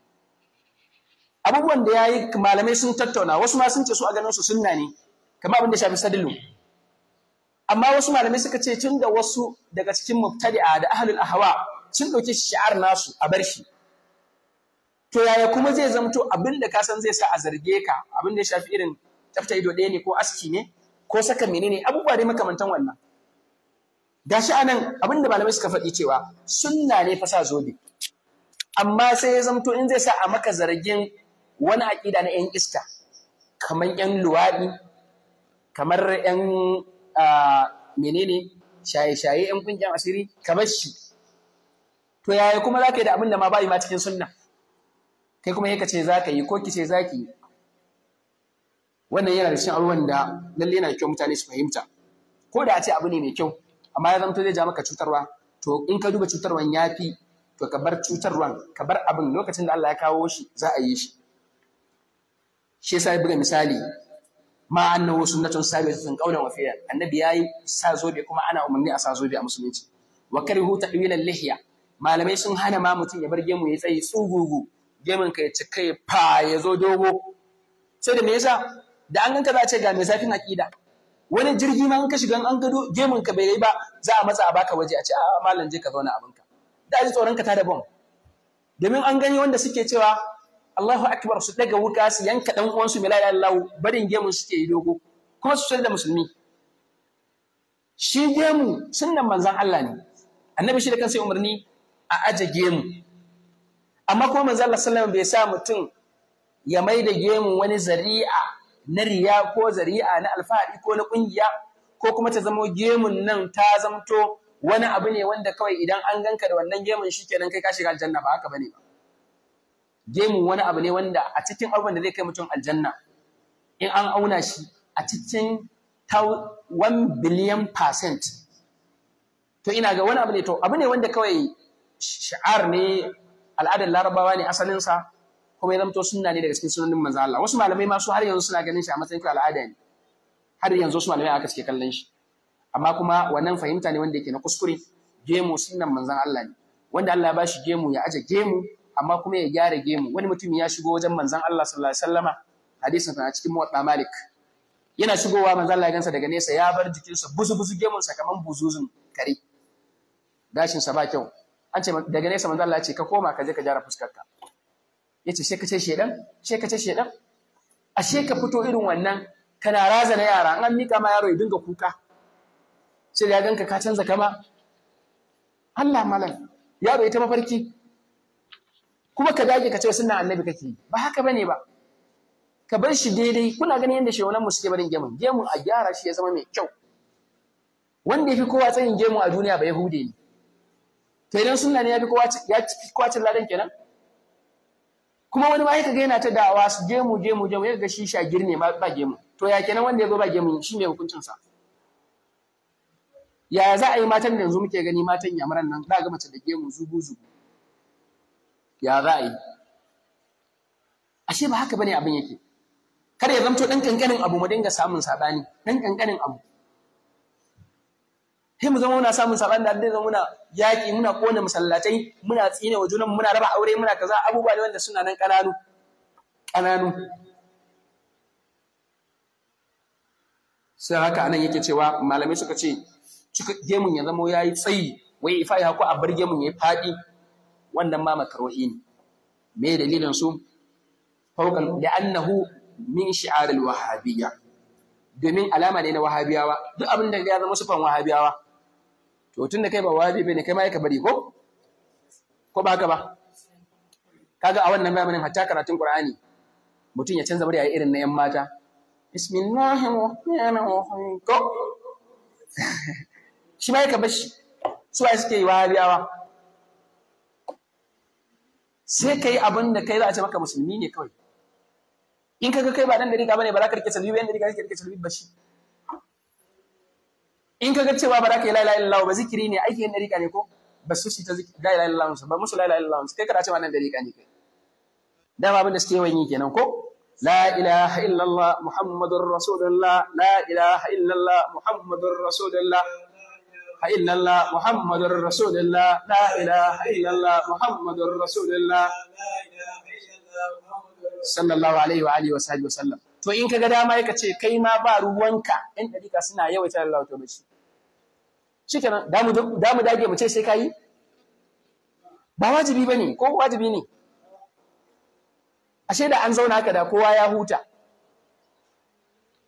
abubuwan da ya yi malamai sun tattauna wasu ma sun ce su a ganin su sunna ne kamar abin da shafi sadilu amma wasu malamai suka ce tun da wasu daga cikin mubtadi'a da ahlul ahwa sun dauke shi'ar nasu a bar shi to yaya kuma zai zamto abin da ka san zai sa a zarge ka abin da ya shafi irin tafta ido ɗaya ne ko aski ne ko saka menene abubuwa dai makamantan wannan gashi anan abin da malamai suka faɗi cewa sunna ne fa sa zobe amma sai ya zamto in zai sa a maka zargin wani aƙida na 'yan iska kamar 'yan luwaɗi kamar 'yan menene shaye-shaye 'yan ƙungiyar asiri kamar shi to yaya kuma za ka yi da abin da ma bayi ma cikin sunna kai kuma yaka ce za ka yi ko ki ce za ki wannan yana da cikin abubuwan da lalle yana kyau mutane su fahimta ko da a ce abu ne mai kyau amma ya zamto zai ja maka cutarwa to in ka duba cutarwan ya fi to ka bar cutarwan ka bar abin lokacin da Allah ya kawo shi za a yi shi shi yasa ya buga misali ma annahu sunnatun sabiqatun qawlan wa fi'lan annabi yayi sa zobe kuma ana umarni a sa zobe a musulunci wa karihu ta'wilal lihya malamai sun hana ma mutum ya bar gemu ya tsayi tsugugu gemin ka ya cika ya fa ya zo dogo sai da me yasa da an ganka za a ce ga mai zafin aƙida wani jirgi ma an ka shiga an gado gemin ka bai yi ba za a matsa a baka waje a ce a malam je ka zauna abin ka. da ji tsoron ka ta da bom domin an gani wanda suke cewa Allahu akbar su daga wuka su yanka dan uwansu su da Allah barin gemun suke yi dogo kuma su da musulmi shi gemu sunnan manzon Allah ne annabi shi da kansa umarni a aje gemu amma kuma manzo Allah sallallahu bai sa mutum ya mai da gemun wani zari'a na riya ko zari'a na alfahari ko na kungiya ko kuma ta zamo gemun nan ta zamto wani abu ne wanda kawai idan an ganka da wannan gemun shikenan kai ka shiga aljanna ba haka bane ba gemun wani abu ne wanda a cikin abubuwan da zai kai mutum aljanna in an auna shi a cikin 1 billion percent to ina ga wani abu ne to abu ne wanda kawai sha'ar ne al'adar larabawa ne asalinsa kuma ya zamto sunna ne daga cikin sunanin manzo Allah wasu malamai masu su har yanzu suna ganin shi a matsayin al'ada ne har yanzu su malamai aka suke kallon shi amma kuma wannan fahimta ne wanda yake na kuskure gemu sunan manzan Allah ne wanda Allah ya shi gemu ya aje gemu amma kuma ya gyara gemu wani mutum ya shigo wajen manzan Allah sallallahu alaihi wasallama hadisin sa cikin muwatta malik yana shigowa manzon Allah ya gansa daga nesa ya bar jikinsa buzu buzu gemun sa kaman buzuzun kare gashin sa ba kyau an ce daga nesa manzo Allah ce ka koma ka je ka gyara fuskarka yace sai ka ce shedan sai ka ce shedan ashe ka fito irin wannan kana razana yara an mika ma yaro ya dinga kuka sai ya ganka ka canza kama Allah malam yaro ita mafarki kuma ka dage ka ce sunna annabi kake ba haka bane ba ka bar shi daidai kuna ganin yadda shehunan mu suke barin gemun gemun a gyara shi ya zama mai kyau wanda yafi kowa tsayin gemu a duniya ba yahudi ne to idan sunna ne ya fi kwacin ladan kenan kuma wani ma yaka ga yana ta da'awa su je mu je mu je mu ga shi shagir ne ba gemu to ya kenan wanda ya zo ba gemu shi ne hukuncin sa ya za a yi matan da yanzu muke gani matan yamaran nan za ga mace da gemu zugu zugu ya za a yi ashe ba haka bane abin yake kada ya zamto dan kankanin abu mu dinga samun sabani dan kankanin abu sai mu zama muna samun saban da addini muna yaƙi muna kona masallatai muna tsine wa junan muna raba aure muna kaza abubuwa ne wanda suna nan ƙananu ƙananu sai haka anan yake cewa malamai suka ce gemun ya zamo yayi tsayi wai ifa ya ko a bar gemun yayi faɗi wannan ma makarohi ne me dalilin su fawqan da annahu min shi'ar al-wahabiyya domin alama ne na wahabiyawa duk abin da ya zama sufan wahabiyawa to tun da kai ba wajibi bane kai ma ya ka bari ko ko ba haka ba kaga a wannan bayanin hatta karatun qur'ani mutum ya canza bari a irin na yan mata bismillahir rahmanir rahim ko shi ma ya ka bashi su ai suke yi sai kai abin da kai za a ce maka musulmi ne kawai in kaga kai ba dan da riga bane ba za ka rike salbi ba dan da riga kake rike salbi ba shi in ka ga cewa ba za ka yi la ilaha ba zikiri ne aiki na rika ne ko ba su shi ta zikiri la ilaha ba musu la ilaha illallah kai kada cewa nan da rika ne kai dama abin da suke yawan yi kenan ko la ilaha illallah muhammadur rasulullah la ilaha illallah muhammadur rasulullah ha illallah muhammadur rasulullah la ilaha illallah muhammadur rasulullah sallallahu alaihi wa alihi wa sallam to in kaga dama yaka ce kai ma ba ruwanka ɗan ɗarika suna yawaita da lawato mace shi kenan da mu dage mu ce sai ka yi ba wajibi ba ne ko wajibi ne ashe da an zauna haka da kowa ya huta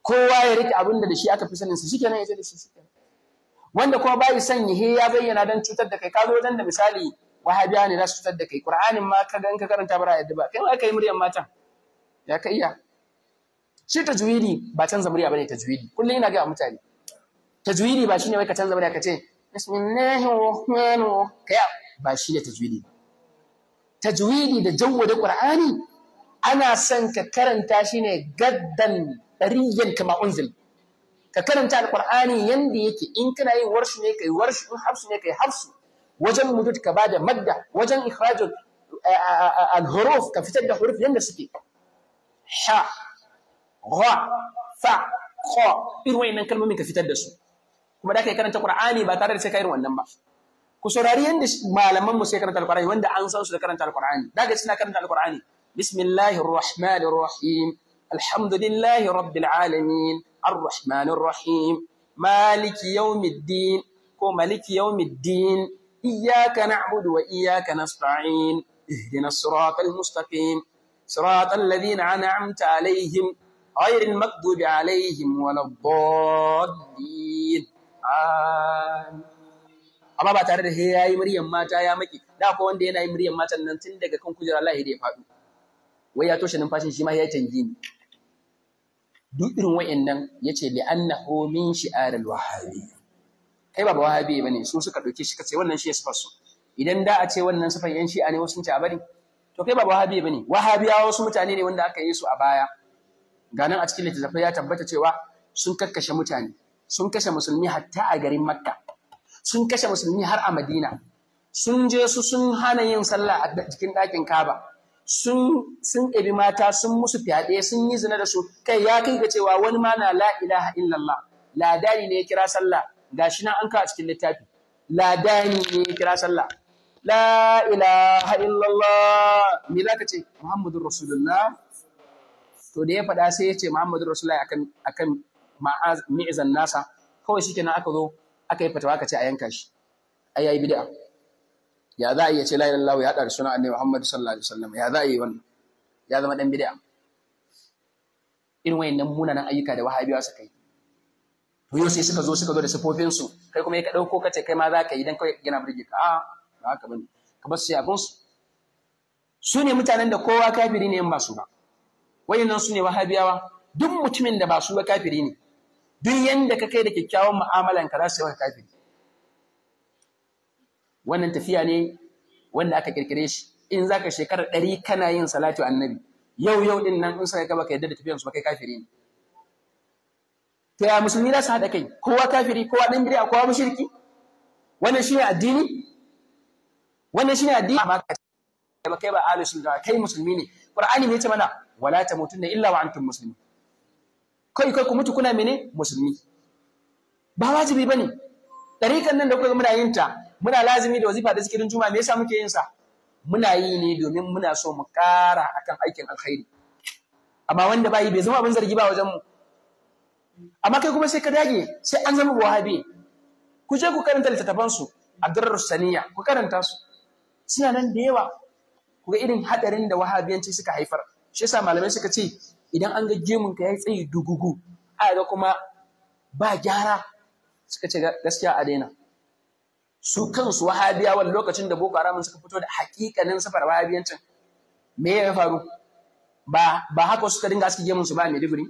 kowa ya rike abinda da shi aka fi saninsa shi nan ya ce da shi shi wanda kuma bayi san yi ya bayyana don cutar da kai ka wajen da misali wahabiya ne za su cutar da kai qur'anin ma ka ga in ka karanta bara yadda ba kai ma kai muryan matan ya ka iya shi tajwidi ba canza murya bane tajwidi kullum ina ga mutane tajwidi ba shine wai ka canza murya ka ce bismillahir rahmanir rahim ba shine tajwidi tajwidi da jawwada qur'ani ana son ka karanta shi ne gaddan ɗariyan kama unzil ka karanta alƙur'ani yanda yake in kana yin warshu ne kai warshu in hafsu ne kai hafsu wajen mudud ka bada madda wajen ikhrajul eh, eh, eh, al-huruf ka fitar da huruf yanda suke ha ra fa kha irin wayannan kalmomin ka fitar da su kuma da kai karanta Qur'ani ba tare da sai ka irin wannan ba ku saurari yanda malaman mu sai karanta Al-Qur'ani wanda an san su da karanta al daga suna karanta Al-Qur'ani bismillahir rahmanir rahim alhamdulillahi rabbil alamin arrahmanir rahim maliki yawmiddin ko maliki yawmiddin iyyaka na'budu wa iyyaka nasta'in ihdinas siratal mustaqim siratal ladzina an'amta alaihim غير المكذوب عليهم ولا الضالين amma ba tare da he yayi muryan mata ya maki da akwai wanda yana yi muryan mata nan tun daga kan kujera Allah ya faɗo wai ya toshe numfashin shi ma ya canji ni duk irin wa'annan yace li annahu min shi'aril wahabi kai ba wahabi bane su suka dauke shi kace wannan shi ya sifar su idan da a ce wannan sifar yan shi'a ne wasu sun ce a bari to kai ba wahabi bane wahabiyawa wasu mutane ne wanda aka yi su a baya ganin a cikin littattafai ya tabbata cewa sun kakkashe mutane sun kashe musulmi hatta a garin makka sun kashe musulmi har a madina sun je su sun hana yin sallah a cikin ɗakin kaba sun sun ɗabi mata sun musu fyaɗe sun yi zina da su kai ya kai ga cewa wani ma na la ilaha illallah ladani ne ya kira sallah gashi nan an kawo a cikin littafi ladani ne ya kira sallah la ilaha illallah me za ka ce muhammadur rasulullah to da ya faɗa sai ya ce Muhammadu Rasulullahi akan akan ma'az mi'zan nasa kawai shi shikenan aka zo aka yi fatawa aka ce a yanka shi ai yayi bid'a ya za a iya ce la ilaha illallah ya hada da sunan annabi Muhammad sallallahu alaihi wasallam ya za a yi wannan ya zama dan bid'a irin wayannan munanan ayyuka da wahabiyawa suka yi to yau sai suka zo suka zo da sifofin su kai kuma ka dauko ka ce kai ma za ka yi dan kai yana burge ka a ba haka bane ka bar su abun su su ne mutanen da kowa kafiri ne in ba su ba wayannan su ne wahabiyawa duk mutumin da ba su ba kafiri ne duk yanda ka kai da kyakkyawan mu'amalan ka za su yi kafiri wannan tafiya ne wanda aka kirkire shi in za ka shekara ɗari kana yin salatu annabi yau yau ɗin nan in sa ka baka yadda da tafiyansu ba kai kafiri ne to ya musulmi za su haɗa kai kowa kafiri kowa ɗan bid'a kowa mushriki wannan shine addini wannan ne addini ba kai ba alisun da kai musulmi ne qur'ani ne ya ce mana wala ta ne illa wa antum muslimin kai kai ku mutu kuna mene musulmi ba wajibi bane dariƙan nan da kuka muna yin ta muna lazimi da wazifa da zikirin juma'a me yasa muke yin sa muna yi ne domin muna so mu ƙara akan aikin alkhairi amma wanda bai bai zama abin zargi ba wajen mu amma kai kuma sai ka dage sai an zama wahabi ku je ku karanta littattafan su adrar saniya ku karanta su suna nan da yawa ku ga irin hadarin da wahabiyanci suka haifar shi yasa malamai suka ce idan an ga gemun ka ya tsayi dugugu a ga kuma ba gyara suka ce gaskiya a daina su kansu wahabiyawan lokacin da boko haram suka fito da hakikanin safar wahabiyancin me ya faru ba ba haka suka dinga suke gemun su ba mai duburi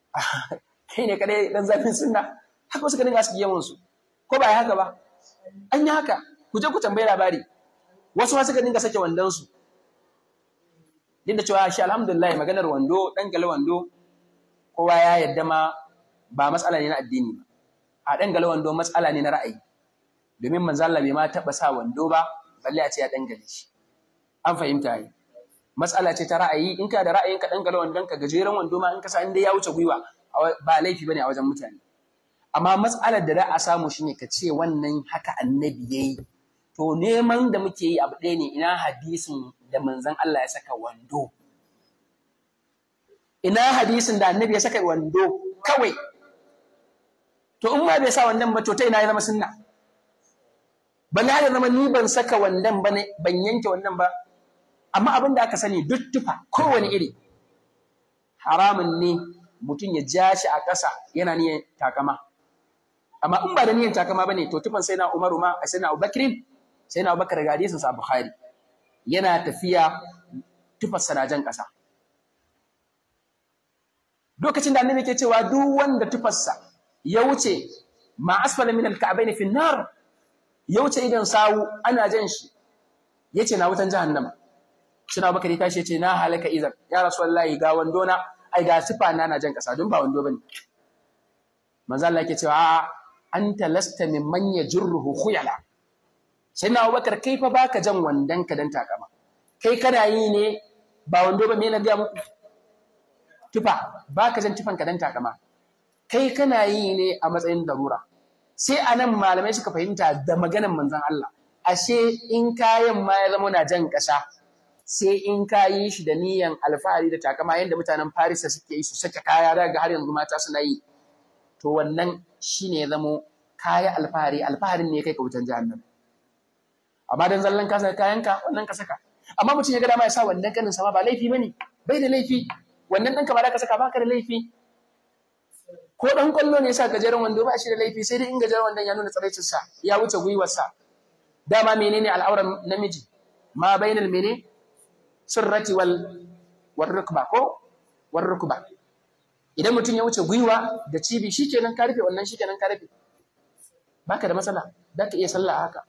kai ne kadai dan zafin sunna haka suka dinga suke gemun su ko ba haka ba an yi haka ku je ku tambayi labari wasu ma suka dinga sake wandansu su duk da cewa shi alhamdulillah maganar wando gale wando kowa ya yadda ma ba matsala ne na addini ba a dangale wando matsala ne na ra'ayi domin manzo Allah bai ma taba sa wando ba balle a ce ya gale shi an fahimta ai matsala ce ta ra'ayi in ka da ra'ayin ka dangale wandon ka gajeren wando ma in ka sa inda ya wuce gwiwa ba laifi bane a wajen mutane amma matsalar da za a samu shine ka ce wannan haka annabi yayi to neman da muke yi abu ɗaya ne ina hadisin da manzan Allah ya saka wando ina hadisin da annabi ya saka wando kawai to in ma bai sa wandon ba to ta ina ya zama sunna Bana da zama ni ban saka wandon ba ne, ban yanke wandon ba amma abin da aka sani duk tufa kowane iri haramun ne mutum ya ja shi a ƙasa yana niyyar takama amma in ba da niyyar takama ba ne to tufan sai na Umaru ma sai na Abubakirin sai na Abubakar ga hadisin sa Bukhari yana tafiya tufa na jan ƙasa lokacin da annabi ke cewa duk wanda tufarsa ya wuce ma asfala min alka'bayn fi nar ya wuce idan sawu ana jan shi yace na wutan jahannama sina Abubakar ya tashi yace na halaka idan ya rasulullahi ga wando na ai ga sifa na na jan ƙasa don ba wando bane manzo Allah yake cewa anta lasta mimman yajruhu khuyala sai na abubakar kai fa baka jan wandon ka dan takama kai kana yi ne ba wando ba me na gaya muku tufa baka jan tufan ka dan takama kai kana yi ne a matsayin darura sai anan malamai suka fahimta da maganan manzon Allah ashe in kayan ma ya zama na jan kasa sai in ka yi shi da niyan alfahari da takama yadda mutanen Farisa suke yi su saka kaya ga har yanzu mata suna yi to wannan shine ya zamo kaya alfahari alfaharin ne kai ka wutan jahannama amma dan zallan ka saka kayanka wannan ka saka amma mutum ya ga dama ya sa wannan kanin sama ba laifi bane bai da laifi wannan ɗanka ba da ka saka ba ka da laifi ko dan kwallo ne sa gajeren wando ba shi da laifi sai dai in gajeren wandon ya nuna sa ya wuce gwiwarsa dama menene al'auran namiji ma bainal mene sirrati wal rukba ko rukba idan mutum ya wuce gwiwa da cibi shikenan ka rufe wannan shikenan ka rufe baka da matsala ka iya sallah haka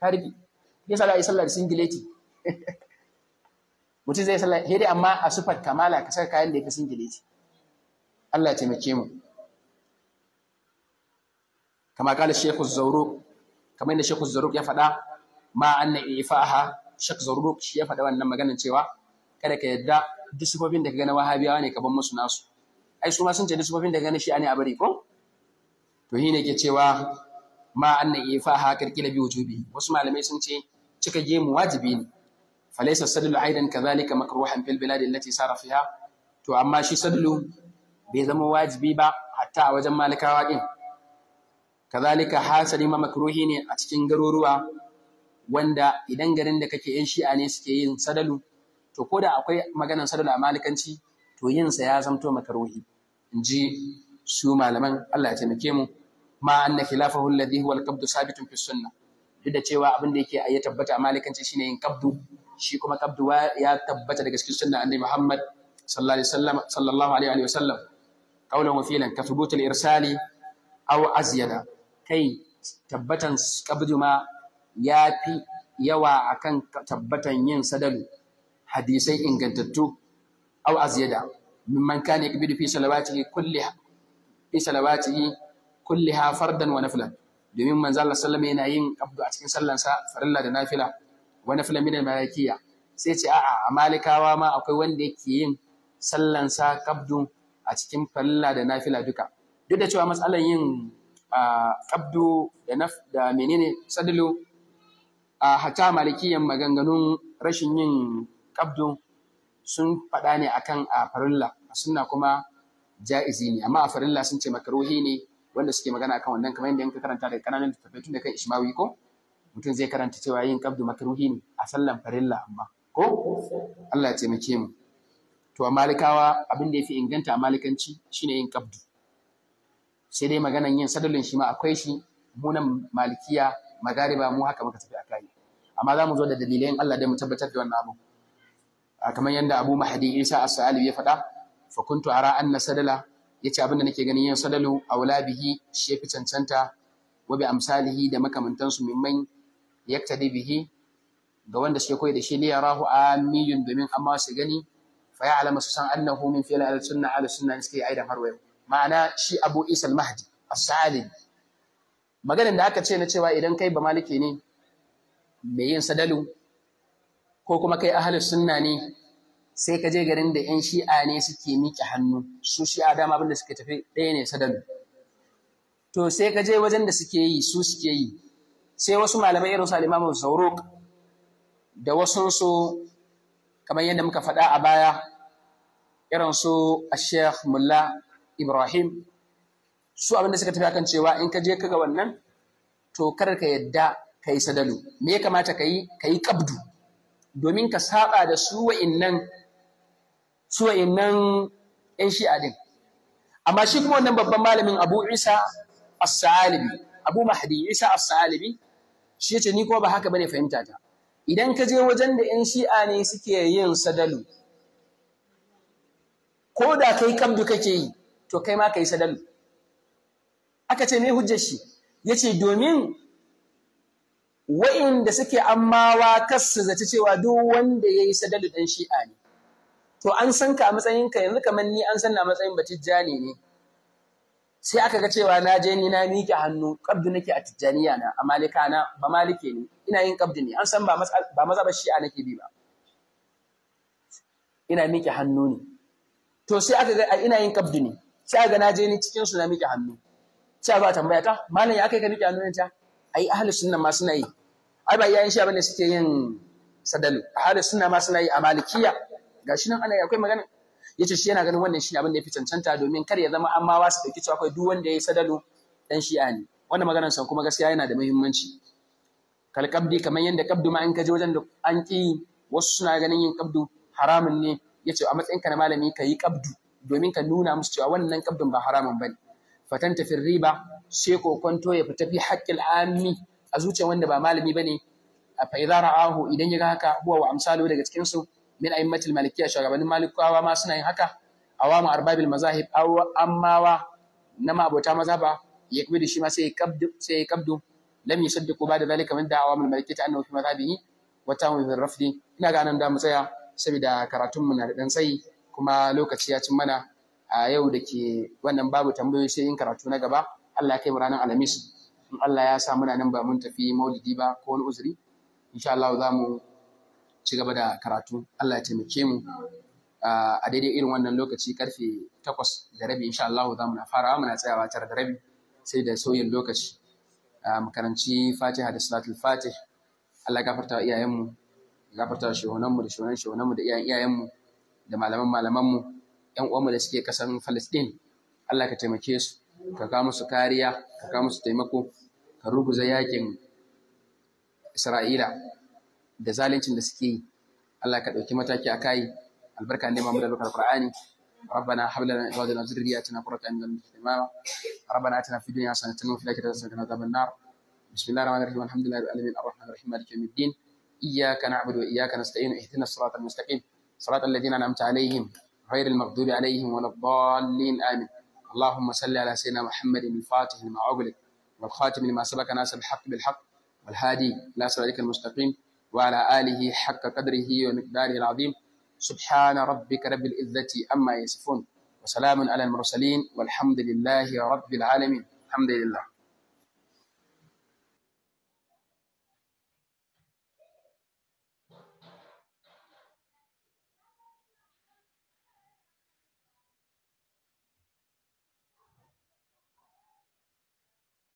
tarihi ya sa za a yi sallar singileti mutum zai sallar hede amma a sufar kamala ka saka kayan da ya fi singileti Allah ya taimake mu kama kala shekhu zauro kamar yadda shekhu zauro ya faɗa ma anna ifa'aha shekhu zauro shi ya faɗa wannan maganar cewa kada ka yadda duk da ka gani wahabiyawa ne ka bar musu nasu ai su ma sun ce duk da ka gani shi ne a bari ko to shi ne ke cewa ma anna ifaha karkila bi wujubi wasu malamai sun ce cika gemu wajibi ne falaysa sadlu aidan kadhalika makruhan fil bilad allati sara fiha to amma shi sadlu bai zama wajibi ba hatta a wajen malikawa din kadhalika hasali ma makruhi ne a cikin garuruwa wanda idan garin da kake yan shi'a ne suke yin sadalu to ko akwai maganar sadalu a malikanci to yinsa ya zamto makaruhi in ji su malaman Allah ya taimake mu ma anna khilafahu alladhi huwa al-qabdu sabitun fi sunnah duk da cewa abin da yake ya tabbata a malikanci shine yin qabdu shi kuma qabdu ya tabbata daga cikin sunnah annabi Muhammad sallallahu alaihi wasallam sallallahu alaihi wa sallam qawlan wa fi'lan ka thubut al-irsali aw azyada kai tabbatan qabdu ma yafi yawa akan tabbatan yin sadalu hadisai ingantattu aw azyada mimman kana yakbidu fi salawatihi kulliha fi salawatihi kulliha fardan wa nafilan domin manzo Allah sallama yana yin abdu a cikin sallansa farilla da nafila wa nafilan min malikiya sai ce a'a a malikawa ma akwai wanda yake yin sallansa kabdu a cikin farilla da nafila duka duk da cewa matsalan yin kabdu da naf da menene sadulu a hata malikiyan maganganun rashin yin kabdu sun faɗa ne akan a farilla a sunna kuma ja'izi ne amma a farilla sun ce makaruhi ne wanda suke magana akan wannan kamar yadda yanka karanta daga kananan littattafai tun da kan ishmawi ko mutum zai karanta cewa yin kabdu makruhi ne a sallan farilla amma ko Allah ya taimake mu to a malikawa abin da yafi inganta a malikanci shine yin kabdu sai dai maganan yin sadalin shi ma akwai shi munan malikiya magariba mu haka muka tafi akai amma za mu zo da dalilan Allah da mu tabbatar da wannan abu kamar yadda Abu Mahdi Isa as-Sa'ali ya faɗa fa kuntu ara anna sadala yace abin da nake ganin yin salalu wula bihi shi yafi cancanta wa a amsalihi da makamantansu mimman yaktadi bihi ga wanda suke koyi da shi liya rahu amiyun domin amma su gani fa ya alama su san annahu min fi'l al sunna al sunna ne suke aidan har wayo ma'ana shi Abu Isa al Mahdi as-Salim maganar da aka ce na cewa idan kai ba maliki ne mai yin sadalu ko kuma kai ahlus sunna ne sai ka je garin da yan shi'a ne suke miƙe hannu su shi'a dama abinda suke tafi ɗaya ne sadalu to sai ka je wajen da suke yi su suke yi sai wasu malamai irin su al da wasu su kamar yadda muka faɗa a baya irin su Sheikh Mulla Ibrahim su abin suka tafi akan cewa in ka je kaga wannan to kar ka yadda ka yi sadalu me ya kamata ka yi ka yi kabdu domin ka saba da su nan. su wa'innan ‘yan shi'a din. Amma shi kuma wannan babban malamin Abu Isa As-Sa'alibi, Abu Mahdi Isa as shi ce ni kuma ba haka bane fahimta ta. Idan ka je wajen da ‘yan shi'a ne suke yin sadalu, ko da kai kamdu ke yi, to kai ma ka yi sadalu. Aka ce me hujjar shi, ya ce domin wa'inda suke ammawa kas su zaci cewa duk wanda ya yi sadalu ɗan shi'a ne. to an san ka a matsayin ka yanzu kamar ni an san na matsayin ba Tijjani ne sai aka ga cewa na je ni na miƙe hannu ƙabdu nake a tijjaniya na a malika na ba malike ne ina yin ƙabdu ne an san ba maza ba shi'a nake bi ba ina miƙe hannu ne to sai aka ga ina yin ƙabdu ne sai aka ga na je ni cikin su na miƙe hannu sai aka tambaya ta malam ya kai ka miƙe hannu ne ta ai ahli sunna ma suna yi ai ba iyayen abin da suke yin sadalu ahli sunna ma suna yi a malikiya gashi nan ana akwai magana Ya ce shi yana ganin wannan shi abin da fi cancanta domin kar ya zama amma wasu su dauki cewa akwai duk wanda yayi sadalo dan shi'a ne wannan maganar san kuma gaskiya yana da muhimmanci kal kamar yadda kabdu ma in ka je wajen da an ki wasu suna ganin yin kabdu haramun ne Ya ce a matsayin ka na malami ka yi kabdu domin ka nuna musu cewa wannan kabdun ba haramun bane fatan tafin riba sai kwanto ya fita fi haƙƙil ammi a zuciyar wanda ba malami bane fa idza ahu idan ya ga haka huwa wa amsalu daga cikin su min a'immatil malikiyya shugabannin malikawa ma suna yin haka awamu arbabil mazahib aw ammawa na mabota ba? ya kubi da shi ma sai ya kabdu sai ya kabdu lam yusaddiqu ba'da dhalika min da'awa min malikiyya annahu fi madhhabihi wa tamu fi rafdi ina ga da mu tsaya saboda karatun mu na da dan tsayi kuma lokaci ya cin mana a yau da ke wannan babu tambayoyi sai in karatu na gaba Allah ya kai mu ranar Alhamis in Allah ya sa muna nan ba mun tafi maulidi ba ko wani uzuri insha Allah za mu ci gaba da karatu Allah ya taimake mu a daidai irin wannan lokaci karfe takwas da rabi insha Allah za mu na fara muna tsayawa tare da rabi sai da sauyin lokaci mu karanci Fatiha da Salatul Fatih Allah gafarta wa iyayenmu gafarta shehunan mu da shehunan mu da iyayen mu da malaman malaman mu ƴan mu da suke kasan Palestine Allah ka taimake su ka ga musu kariya ka ga musu taimako ka ruguza yakin Isra'ila da zalincin da suke yi Allah ka ɗauki mataki a kai albarka ne mamu da albarkar Qur'ani ربنا هب لنا من ازواجنا وذرياتنا قرة اعين واجعلنا اماما ربنا اتنا في الدنيا حسنة وفي الاخرة حسنة وقنا عذاب النار بسم الله الرحمن الرحيم الحمد لله رب العالمين الرحمن الرحيم مالك يوم الدين اياك نعبد واياك نستعين اهدنا الصراط المستقيم صراط الذين انعمت عليهم غير المغضوب عليهم ولا الضالين امين اللهم صل على سيدنا محمد الفاتح لما اغلق والخاتم لما سبق ناس بالحق بالحق والهادي لا صراط المستقيم وعلى آله حق قدره ومقداره العظيم سبحان ربك رب العزة أما يصفون وسلام على المرسلين والحمد لله رب العالمين الحمد لله